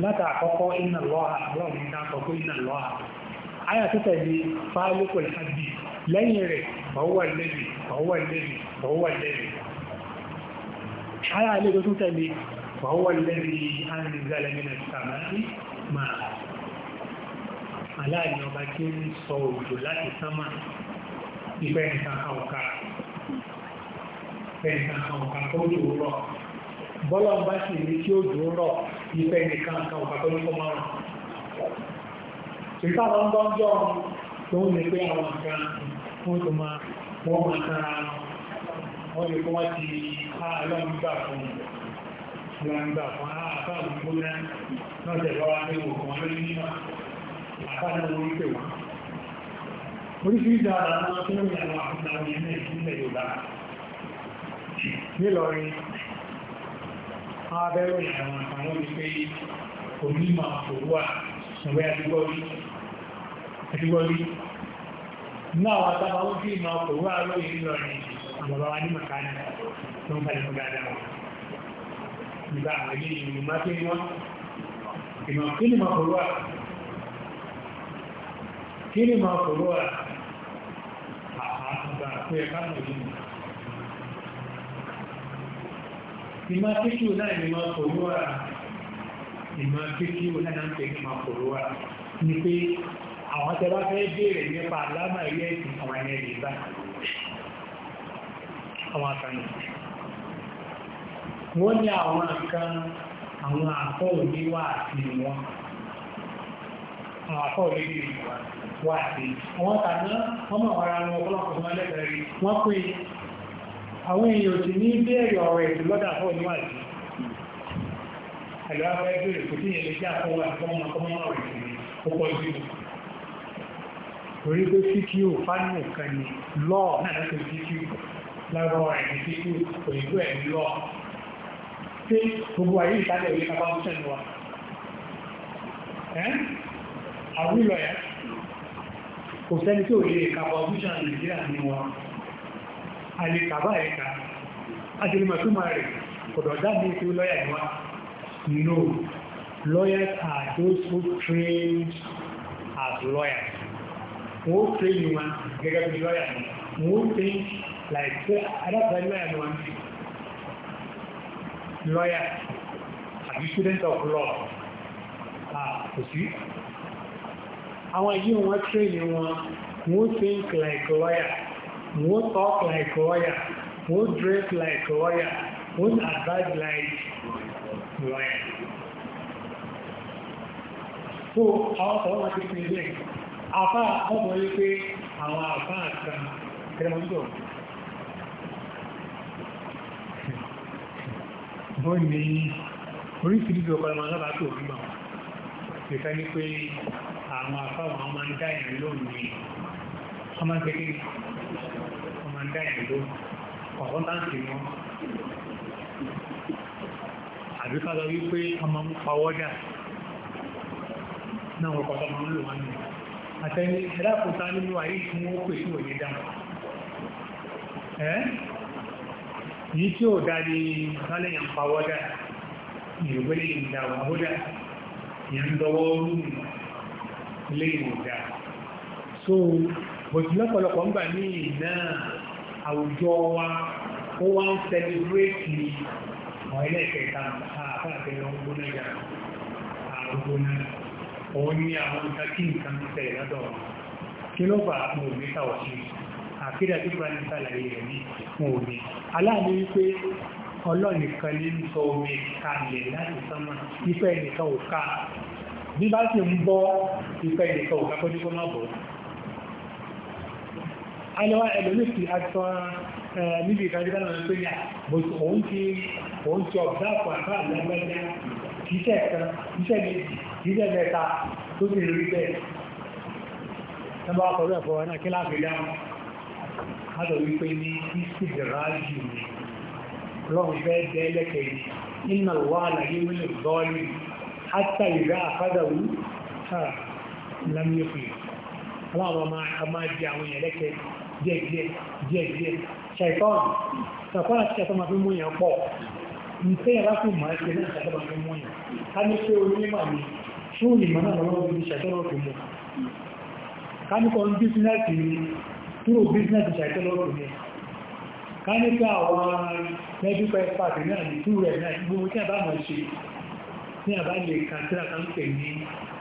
látà àkọ́kọ́ ní ayà lẹ́yìn rẹ̀ حياة alẹ́ tó tẹ̀lé wàhúwà lẹ́rí àrìnzálẹ̀ nínú sàmárì máa aláàrin ọba tí ń sọ òjò láti sánmà ìfẹ́ nìkan kan ọ̀ka ìfẹ́ nìkan kan ọ̀ka tó jù ú rọ̀ bọ́lá bá sì rí tí ó jù rọ̀ ìfẹ́ nìkan kan ọ̀ka tó ní kó máa rọ̀ ìfẹ́ àwọn ọgbọ́n jọ òun ní pé àwọn nǹkan wọ́n tó máa máa tara wọn wọ́n lè kó wọ́n ti ha lọ́gbà fún lọ́gbà fún àpá òmìnira náà tẹ̀lọ́ wá pé òkú wọn lórí nínú àpá náà wọ́n pè wọ́n oríṣiríṣi ara wọn tó ní àwọn àfúnnáwọn ilé ìpínlẹ̀ Yorùbá nílọrin abẹ́rò ìrànwọ̀n àtàwọn wípé onímọ̀ òwúwà ṣọ̀rẹ́ àdúgbọ́rí àdúgbọ́rí náà wà tábà ó kí ìmọ̀ òwúwà lóyìn nílọrin yìí bàbá wa ní màkánà tó ń balẹ̀ fún dáadáa wọn. Ìgbà àwọn ilé ìlú máa pé wọ́n. Ìmọ̀ kí ni máa fòrò à? Kí ni máa fòrò à? Àbá àpò ẹ̀ká mọ̀ yìí. Ìmọ̀ kíkí ò láì ní máa fòrò à. Ìmọ̀ kíkí ò Ni pé àwọn tẹ́lá fẹ́ béèrè nípa àlámà ilé ìsìn àwọn ẹ̀yẹ ìbá àwọn àtàyè wọ́n ní àwọn kan àwọn àkọ́ òní wà àti wọn àwọn àkọ́ òní wà àti àwọn tàbí wọ́n mọ̀ ara wọn ọlọ́pọ̀ fún alẹ́bẹ̀rẹ̀ wọ́n pé àwọn èèyàn ti ní bẹ́ẹ̀rẹ̀ ọ̀rọ̀ ètò lọ́dà lọ́rọ̀ ẹ̀yìn sí kú òyìnbó ẹ̀mí lọ tí gbogbo ayé ìtàlẹ̀ òye kaba ń sẹ́nu wa àwílọ̀ ẹ̀ kò sẹ́ni tí òye kaba ọdúnṣàn nàìjíríà ní wa àlè kaba ẹ̀ka ajẹ́lẹ́mọ̀túnmọ̀ rẹ̀ kọ̀dọ̀ lawyers are those who trained as lawyers wọ́n train wọn gẹ́gẹ́ bí lọ́yà wọ́n train like adáfẹ́ lọ́yà ló ń Lawyer, a student of law Ah, kò sí àwọn yìí wọ́n train wọn wọ́n think like lawyer wọ́n talk like lawyer wọ́n dress like lawyer wọ́n advise like lawyer so àwọn ọ̀pọ̀ wọn ti fi ilé àfáà ọmọ yìí pé àwọn àfáà kan kẹrẹmọ́tò wọ́n ní oríṣiríṣi ọ̀pọ̀lọpọ̀ alábà tó rí bá wọn ìfẹ́ ní pé àwọn afáwọn ọmọ ń dá ìrìn lónìí ọmọ gẹ́gẹ́ ọmọ ń dá ìrìn lónìí ọ̀pọ̀ táǹkì wọn àbí ká lọ wípé ọmọ ń pawọ́dà náà wọ́n kọ́tọ́ máa ń lò wọ́n nù àtẹni ẹ̀dá kò sá nínú ayé tí wọ́n pè sí òye dáhùn yìí tí ó dá ní sálẹ̀yàn pàwọ́dá ìrùgbélé ìdáwàwọ́dá yẹn dọwọ́ rúrù lè ìrùdá so bọ̀tí lọ́pọ̀lọpọ̀ ń gbà ní ìná àwùjọ wa ó wá ń sẹlẹ̀bírẹ́tì ọ̀ẹ́lẹ̀ kẹta àfáàfẹ́ lọ gbóná jà àrùgbóná òun ní àwọn ìtàkì nǹkan tẹ̀lẹ̀ àkídà tó bá ní sàlàyé rẹ̀ ní fún omi aláàmì wípé ọlọ́nìkan ní sọ omi kalẹ̀ láti sánmà ìfẹ́ ẹnìkan ò ká bí bá sì ń bọ́ ìfẹ́ ẹnìkan ò ká kọ́jú kó má bọ̀ alẹ́wà ẹlòmíkì aṣọ níbi ìdájọ́ náà pé ní òun ti òun ti ọ̀gá àpọ̀ àbá àgbàgbà iṣẹ́ kan iṣẹ́ méjì iṣẹ́ mẹ́ta tó ti rí bẹ́ẹ̀ nígbà ọkọ̀ rẹ̀ fọwọ́ náà kí láàfin dáhùn a lọ wípé ní ìsìdìrájì ni lọ́rùn fẹ́ dẹ́lẹ́kẹ̀ iná wà láyé wílò gọ́ọ̀lì hátà ìrá àfádàwú sára lámíyẹ́kùn aláwọ̀ máa jẹ àwọn ẹ̀lẹ́kẹ̀ díẹ̀díẹ̀ ṣàìtọ́n ṣàkọ́n àti ṣàtọ́ máa fi mú yẹn pọ̀ nítẹ́ ìrákù máa ṣe náà ṣàtọ́ máa fi mú yẹn ká ní pé onímọ̀ mi ṣúùlì mọ́ náà through business psychology ká ní pé àwọn medical expert náà ní tú rẹ̀ náà gbogbo tí a bá mọ̀ ṣe ní àbá lè kàtíra kan pè ní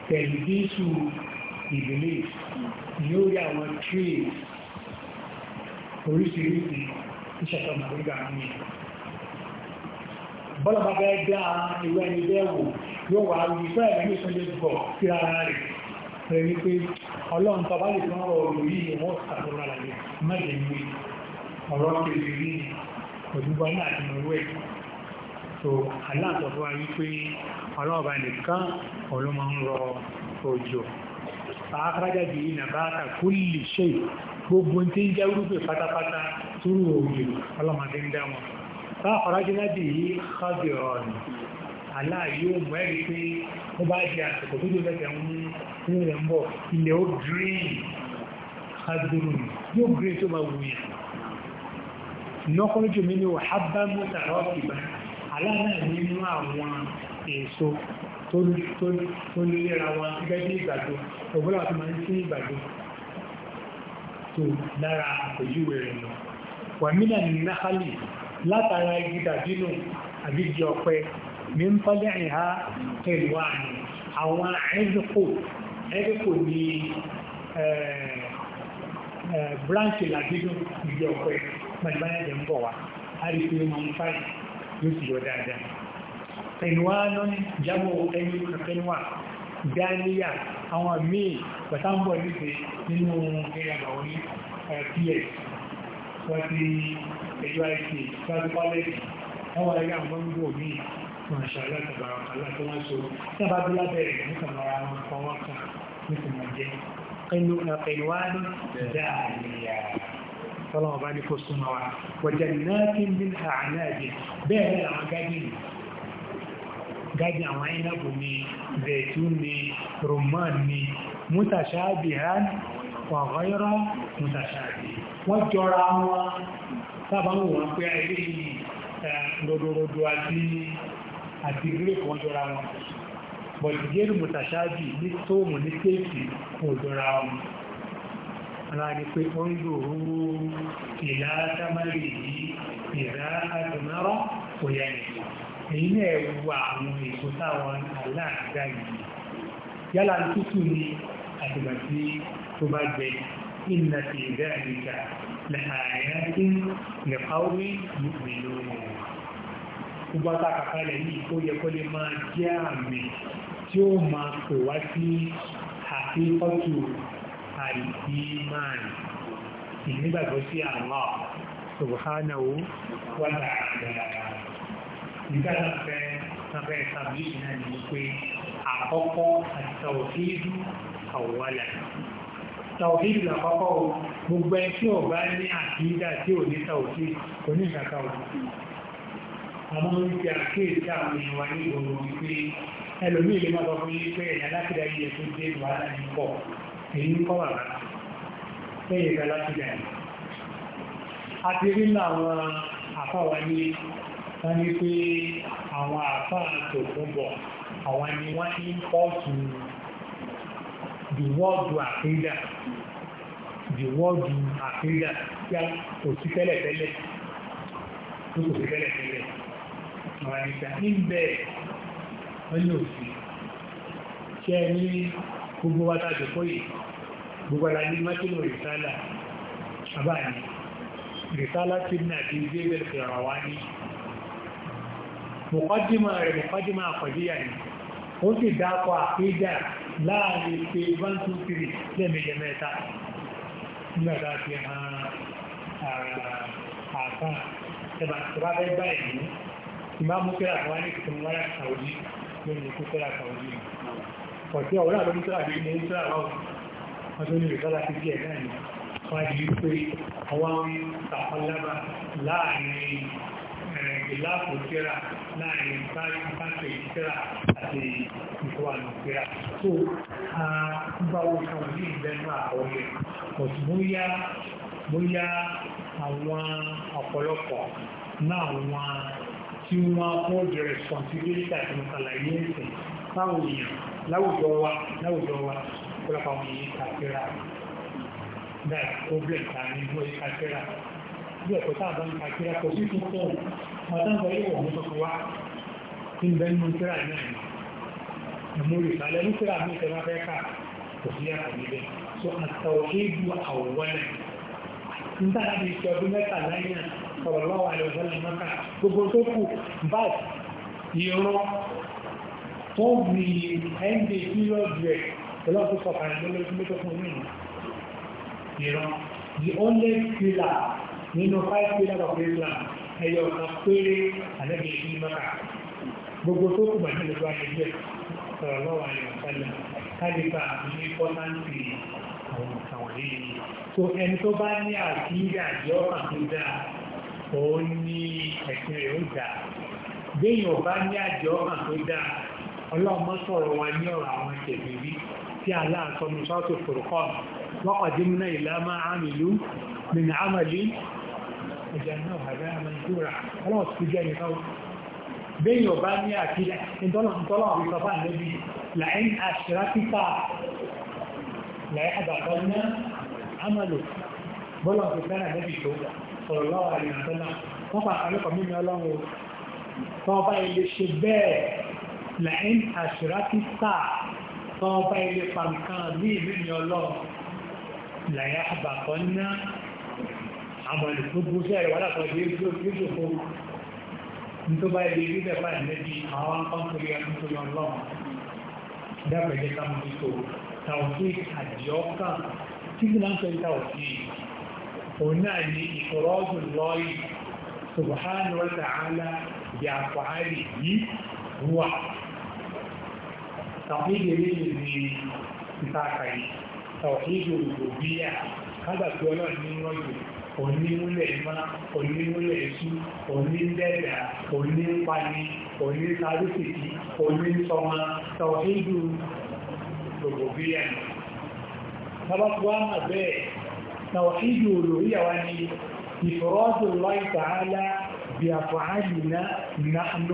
tẹ̀lìdíṣù ìbílẹ̀ yóò rí àwọn trace oríṣiríṣi ìṣẹ̀tọ̀ màrígbà ní bọ́lọ̀bá bẹ́ dá ìwé ẹni bẹ́ẹ̀wò yóò wà wípé ẹ̀rẹ́ ní ìṣẹ́lẹ̀ gbọ̀ sí ara rẹ̀ rẹ̀ wípé ọlọ́run tọba lè fún ọ̀rọ̀ olórí ìwọ̀n sàtọ́ra rẹ̀ mẹ́lẹ̀ ìwé ọ̀rọ̀ kejì rí òdúgbọ́ náà ti mọ̀ wẹ̀ so aláàtọ̀fọ́ ayé pé ọlọ́ọ̀bá nìkan ọ̀rọ̀ máa ń rọ òjò pàápàájá bí i nàbáta kó lè ṣe gbogbo tí ń jẹ́ rúfẹ́ pátápátá túrú òjò ọlọ́mọdé ń dá wọn Allah yóò mọ̀ ẹ́rí pé ó bá jẹ àsìkò tó jẹ́ fẹ́ mú rẹ̀ ń bọ̀ ilẹ̀ ó gírín adúrú yóò gírín tó máa wùyà nọ́kọ́rọ́ jù mí wàhábá mọ́tàrọ́ ìbá Allah náà nínú àwọn èso tó lera wọn gẹ́gẹ́ bí ìgbàdo ògbọ́n àti máa ń sí ìgbàdo tó lára àpèjúwe rẹ̀ lọ wàmínà ní náhálì látara igi dàbínú àbí igi ní ń tọ́lẹ̀ ìhá tẹ̀lúwà ní àwọn ẹ̀dẹ́kò ẹ̀dẹ́kò ní branche làbídùn ìgbẹ́ ọ̀pẹ́ mẹ́lẹ́mẹ́lẹ́ jẹ́ ń bọ̀ wá àríkú ní wọn fáì yóò sì yọ dáadáa tẹ̀lúwà náà jábọ̀ ẹni tẹ̀lúwà dáníyà àwọn míì pẹ̀tàǹbọ̀ nípe nínú ẹgbẹ̀rẹ̀ àwọn ní ps wọ́n ti ẹjọ́ àìsí wọ́n ti kọ́lẹ́sì wọ́n wọ́n ẹgbẹ́ àwọn gbogbo míì Masha Allah tabaraka Allah tó wá so tí a bá bí lábẹ́rẹ̀ ní kàmọ́ra wọn kọ́ wọ́n kà ní kò mọ̀ jẹ́ pẹ̀lú ẹ̀pẹ̀lú wá ní dáàlìyà tọ́lọ́wọ́ bá ní kó súnmọ́ wa wọ̀jẹ̀ náà kí ní àánáàjì bẹ́ẹ̀ ni àwọn ni zẹ̀tú ni roman ni mutashabihan wa ghayra mutashabihan wọ́n jọra wọn sábà ń wọ́n pé ayé lódòdó àti àti greek wọ́n jọra wọn bọ̀dì jẹ́rù mùtàṣáàjì ní tóòmù ní kéèkì kò jọra wọn ara ni pé ó ń lò ó ìlà tamari yìí ìlà àdùnárọ̀ kò yẹ nìkan èyí náà wu àwọn lẹ́hàáyá tí lẹ́pàá orí ìlú ìlú gbogbo àtàkàkalẹ̀ yìí ó yẹ kó lè máa jẹ́ àmì tí ó máa pè wá sí àti ọ̀tù àìsímáàrì ìnígbàgbọ́ sí Allah subhanahu wa ta'ala ìgbàlá sábẹ́ ìsàbílì náà ni pé àkọ́kọ́ àti tàwọ̀fíìdù àwọ̀wálà tàwọ̀fíìdù àkọ́kọ́ gbogbo ẹ tí ò bá ní àkídà tí ò ní tàwọ̀fíìdù oníkàkà àmọ́ ń fi àkíyèsí àwọn èèyàn wa ní ìgbòho wípé ẹlòmí ilé máa bọ́kún yí pé ẹ̀yà lákìdá yìí tó dé wàhálà ní pọ̀ èyí kọ́ wà rárá lẹ́yìn ìgbà lákìdá yìí a ti rí nínú àwọn àfà wa ní wọ́n ní pé àwọn àfà tó fún bọ̀ àwọn ni wọ́n kò sí tẹ́lẹ̀tẹ́lẹ̀ màláìkà ń bẹ̀ wọ́n ní òfin ṣe ẹ ní gbogbo wa tàbí kó yìí gbogbo ara ní mákìlò rìsálà àbáyé rìsálà tí ní àti ìdí ẹgbẹ́ ìfẹ̀rọ̀ wá ní mọ̀kọ́dímọ̀ rẹ̀ mọ̀kọ́dímọ̀ àkọ̀díyà ni ó sì dákọ̀ àkídà láàrin pé 123 lẹ́mẹ̀jẹ̀ mẹ́ta nígbàtà fi hàn àfáà tẹ́bàtẹ́bàtẹ́ báyìí ìmáàmù tẹ́lá àwọn ẹnìkan wọ́n yà sàwọ́dí lórí ikú tẹ́lá sàwọ́dí ọ̀tí ọ̀rọ̀ àbẹ́mú tẹ́lá bí ilé tẹ́lá wọ́n ọdún ní ìrẹ́lá ti díẹ̀ náà ni wọ́n di wípé àwọn àpọ̀lábà láàrin eh, ìlàpò tẹ́lá láàrin pàṣẹ tẹ́lá àti ìfọwànù tẹ́lá tó a gbáwó sàwọ́dí ìgbẹ́nu àwọ̀yẹ ọ̀tùmúyá àwọn ọ̀pọ̀lọpọ̀ náà wọn tí wọ́n fún òjò responsibility àti mọ̀kànláyé ẹ̀sìn fáwọn èèyàn láwùjọ wa láwùjọ wa kọ́lápàá wọn yìí kàfẹ́ra that problem ta ní wọ́n yìí kàfẹ́ra bí ẹ̀kọ́ tá a bá ń kàfẹ́ra kò sí fún fún wọn tá ń sọ yóò wọ̀ mú tuntun wá tí ń bẹ nínú tíra náà ni ẹ̀mú rí balẹ̀ ní tíra mi tẹ̀lé afẹ́ ká kò sí yàtọ̀ níbẹ̀ so àtàwọn éèdù àwọ̀wọ́lẹ̀ nígbà láti ṣe ọdún mẹ́tàlá yẹn sọ̀rọ̀lọ́wọ́ àlẹ́wọ̀sẹ́lẹ̀ mọ́ká gbogbo tó kù báyìí ìran tó bí ẹ́ndé pírọ̀dù ẹ̀ ọlọ́pù gbogbo tó kù bàtí lè tó àṣẹjẹ́ sọ̀rọ̀lọ́wọ́ àlẹ́wọ̀sẹ́lẹ̀ kálífà ní pọ́tántì àwọn ìkàwọ̀ yìí tó ẹni tó bá ní àkíyà jọ́ àkíyà ó ní ẹ̀sìn rẹ̀ ó dáa béèyàn bá ní àjọ hàn tó dáa ọlọ́mọ sọ̀rọ̀ wa ní ọ̀rọ̀ àwọn tẹ̀lé rí tí aláàtọ́ ní sọ́ọ̀tù fòrùkọ́ wọ́pàdémúná ìlàmà àmìlú nínú àmàlí ìjà náà àbẹ́ àmàlúra ọlọ́wọ́ ti jẹ́ nìkan ó béèyàn bá ní àkídà ìtọ́lọ̀ àwọn ìtọ́fà lẹ́bí sọ̀rọ̀ lọ́wọ́ àyàntọ́nà wọ́n pa àkàlẹ́kọ̀ mímí ọlọ́run tọ́wọ́ bá ilé ṣe bẹ́ẹ̀ lẹ́yìn àṣírákì sáà tọ́wọ́ bá ilé pa nǹkan ní ìlú ní ọlọ́run lẹ́yìn àbàkọ́ ná àwọn olùgbogbo sẹ́rẹ̀ wà látọ̀ sí ìjòkó ní tó bá ilé rí bẹ́ẹ̀ báyìí lẹ́bi àwọn òun náà ni ìṣòrọ́jù lọ́yìn subhanahu wa ta'ala bí àfààrí yìí wà tàbídé lẹ́yìn ní ìtàkàyì tàwàídé olùgbòbíyà kágbà tí ọlọ́run ní rọ́jù onímúlẹ̀ ìmá onímúlẹ̀ ìṣú onídẹ́dà onípani onísàrífìtì onísọmọ tàwàídé olùgbòbíyà توحيد الألوهية وأن إفراد الله تعالى بأفعالنا نحن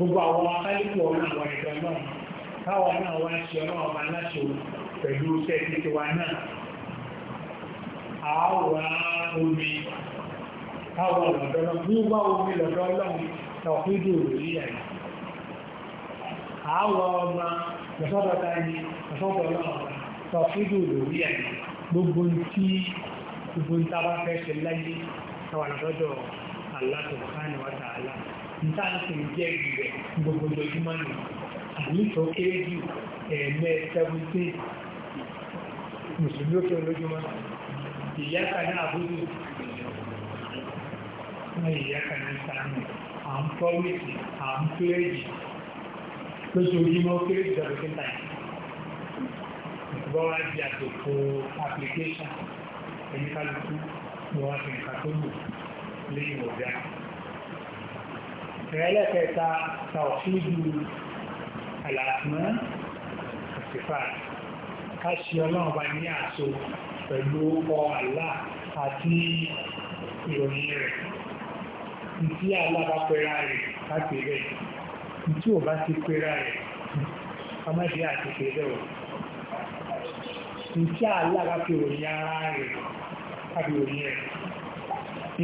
gbogbo àwọn akálùkù ọ̀nà àwọn ìgbà náà káwọn náà wá ṣe ọ̀nà ọba láṣò pẹ̀lú iṣẹ́ títí wa náà àáwà omi káwọn lọ́dọ́lọ́ bí wá omi lọ́dọ́lọ́run tàwídò lórí ẹ̀ àáwà tọ̀fídò lórí ẹ̀ gbogbo tí gbogbo ń tábà fẹ́ ṣe láyé tàwà lọ́dọ̀ Allah subhanahu wa ta'ala níta ní kò ní jẹ́ ìrẹ̀ gbogbo lójúmọ́ nù àlítọ́ kéré jù ẹ̀ẹ̀mẹ́ 17 mùsùlùmí ó kéré lójúmọ́ ìyáka ní àbúrú wọ́n ìyáka ní sáàmù à ń pọ́wìsì à ń kéré jù lójoojúmọ́ kéré jù 17 bọ́ wá di àtòkò application oníkálukú ni wọ́n fi nǹkan tó lò lẹ́yìn ọ̀dá ẹlẹ́kẹta tàwọ̀sílù àlàáfíà àtìfà káṣí ọlọ́run bá ní àṣọ pẹ̀lú ọ àlá àti ìròyìn rẹ̀ tí àlá bá pẹ́ra rẹ̀ láti rẹ̀ tí ò bá ti pẹ́ra rẹ̀ ọmọdé àti pẹ́rẹ́ rẹ̀ ìṣẹ́ alára fi ròyìn ara rẹ̀ tàbí ròyìn ẹ̀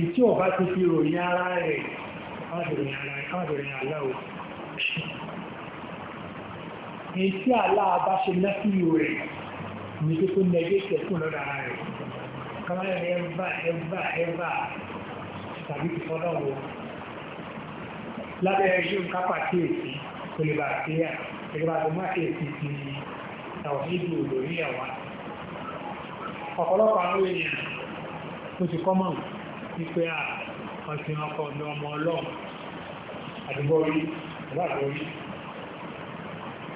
ìtí ọba ti fi ròyìn ara rẹ̀ káàdìrìn aláwọ̀ ìtí aláàbá ṣe lẹ́fíò rẹ̀ ní tó tó nẹgẹ́kẹ̀ fún lọ́dà rẹ̀ kọ́lẹ̀ ẹ̀bà ẹ̀bà ẹ̀bà tàbí ti fọ́dọ̀ wọ́n lábẹ́ ẹ̀ṣù kápá tí èsì kò lè bà sí à ẹ̀gbà tó má kéèkì ti tàwọn ìdí olórí ẹ̀wà ọ̀pọ̀lọpọ̀ àwọn èèyàn ló ti kọ́mọ̀ wípé à ọ̀sìn ọkọ̀ ọ̀dọ̀ ọmọ ọlọ́run àdúgbò rí ìwádìí orí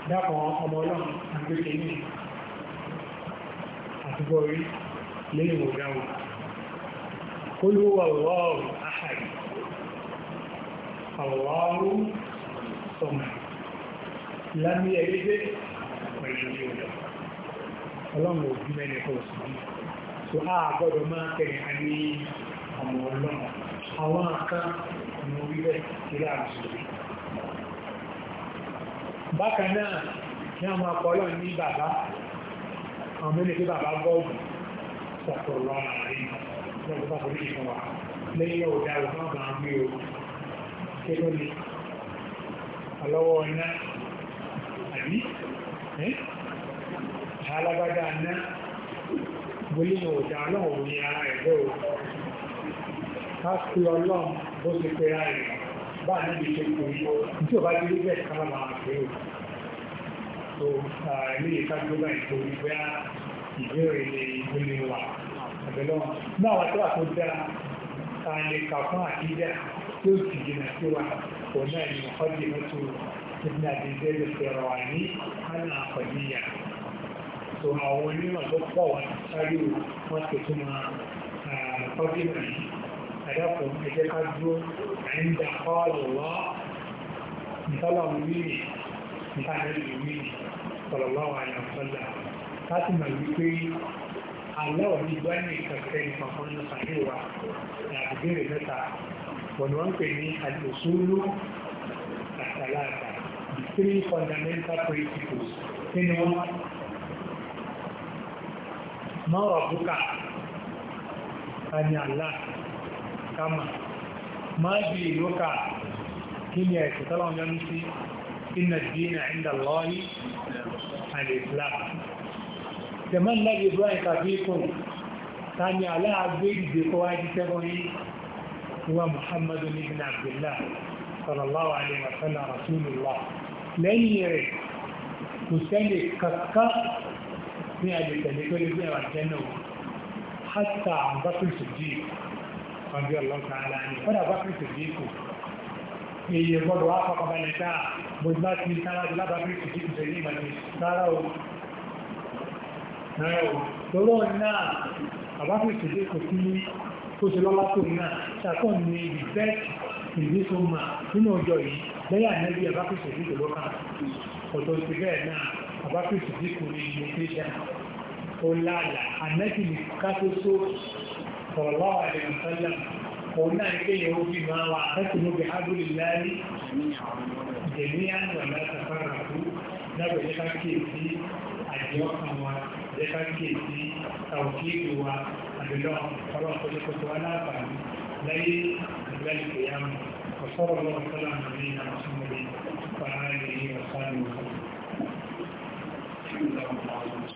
dákan ọmọ ọlọ́run àgbékè lámí ẹgbẹ́ pẹ̀lú ìwádìí ọlọ́run ò mẹ́rin kọ́ sí i so a gbọ́dọ̀ máa tẹ̀yìn a ní ọmọ ọlọ́run àwọn kan ní orí rẹ̀ sílẹ̀ àbúrò bákan náà ní àwọn akọ́lọ́ ní bàbá àwọn mẹ́lẹ̀ pé bàbá bọ́ọ̀bù sọ̀tọ̀ lọ́rùn àárín lọ́dún bá ní ọlọ́wọ́ alágbádá ná bolí ní ọ̀dá ọlọ́run ní ara ẹ̀gbẹ́ o ká sí ọlọ́run bó ti pé ara rẹ̀ bá níbi ṣe kò ní tí ò bá ti rí bẹ́ẹ̀ ká má máa pè o tó ilé ìka tó bá ìtò ìgbé ìbéèrè ní ìgbélé wa àbẹ̀lọ́run náà wà tó wà tó dára ta lè kà fún àdídá tí ó sì jìnà sí wa òun náà ni ọdún ìmọ̀tò ابن أبي زيد السيرواني عن عقدية tó àwọn onímọ̀ tó pọ̀ sáré wọn tó tún máa public àdápọ̀ ẹjẹ́ ká dúró àìndà kọ́ọ̀lù wá ìtọ́lọ̀ wíìlì ìtàlẹ́lì wíìlì sọ̀rọ̀lọ́wọ́ àyàfọ́lá láti mọ̀ wípé aláwọ̀ ní gbáyé ìkàkẹ́ ìfọ̀fọ́n ní sàríwá àbìbẹ̀rẹ̀ mẹ́ta wọ̀n wọ́n pè ní àjòsúlú àtàláàtà the three fundamental principles nínú mọ́rọ̀ búkà àni àlá kama máa bí ìlúkà kí ni ẹ̀kù tọ́lọ́wọ́n yọ́nú sí inna dínà inda lọ́rí al-Islam jẹ́mọ́ lẹ́gbẹ̀ Ibrahim kàfíkò ta ni aláàgbé ìdè kọ́ wájí tẹ́gbọ́n yí wa Muhammadu ibn Abdullah sallallahu alaihi ní àlè tẹ̀lé pé ní ẹwà jẹ́nà hátà àbákùn sòdí ọdí ọlọ́ta ara ní kọ́dà àbákùn sòdí kù iye gbọ́dọ̀ wá kọ́kọ́ balẹ̀ dáa bó bá ti sára ti lábàákùn sòdí kù sẹ́yìn ìmọ̀lẹ̀ sára o náà o lọ́wọ́ náà àbákùn sòdí kù sí tó ṣe lọ́wọ́ tó náà ṣàkọ́ ní ìbẹ́ ìdí tó àbákùsù bí kò ní lòkéṣà ó láàlà ànẹ́kì ní kátótó ọ̀rọ̀lọ́ àdìmọ̀sálà òun náà ké yẹn ó bí máa wà àtẹ́kùnú bí ábúlé láàrí jẹ̀mí àwọn látàfàrà kú lábẹ̀ jẹ́ ká kéèsí àjọkàn wa jẹ́ ká kéèsí àwòkéèkì wa àbẹ̀lọ́ ọlọ́pọ̀lọpọ̀ الله وسلم على نبينا محمد وعلى اله you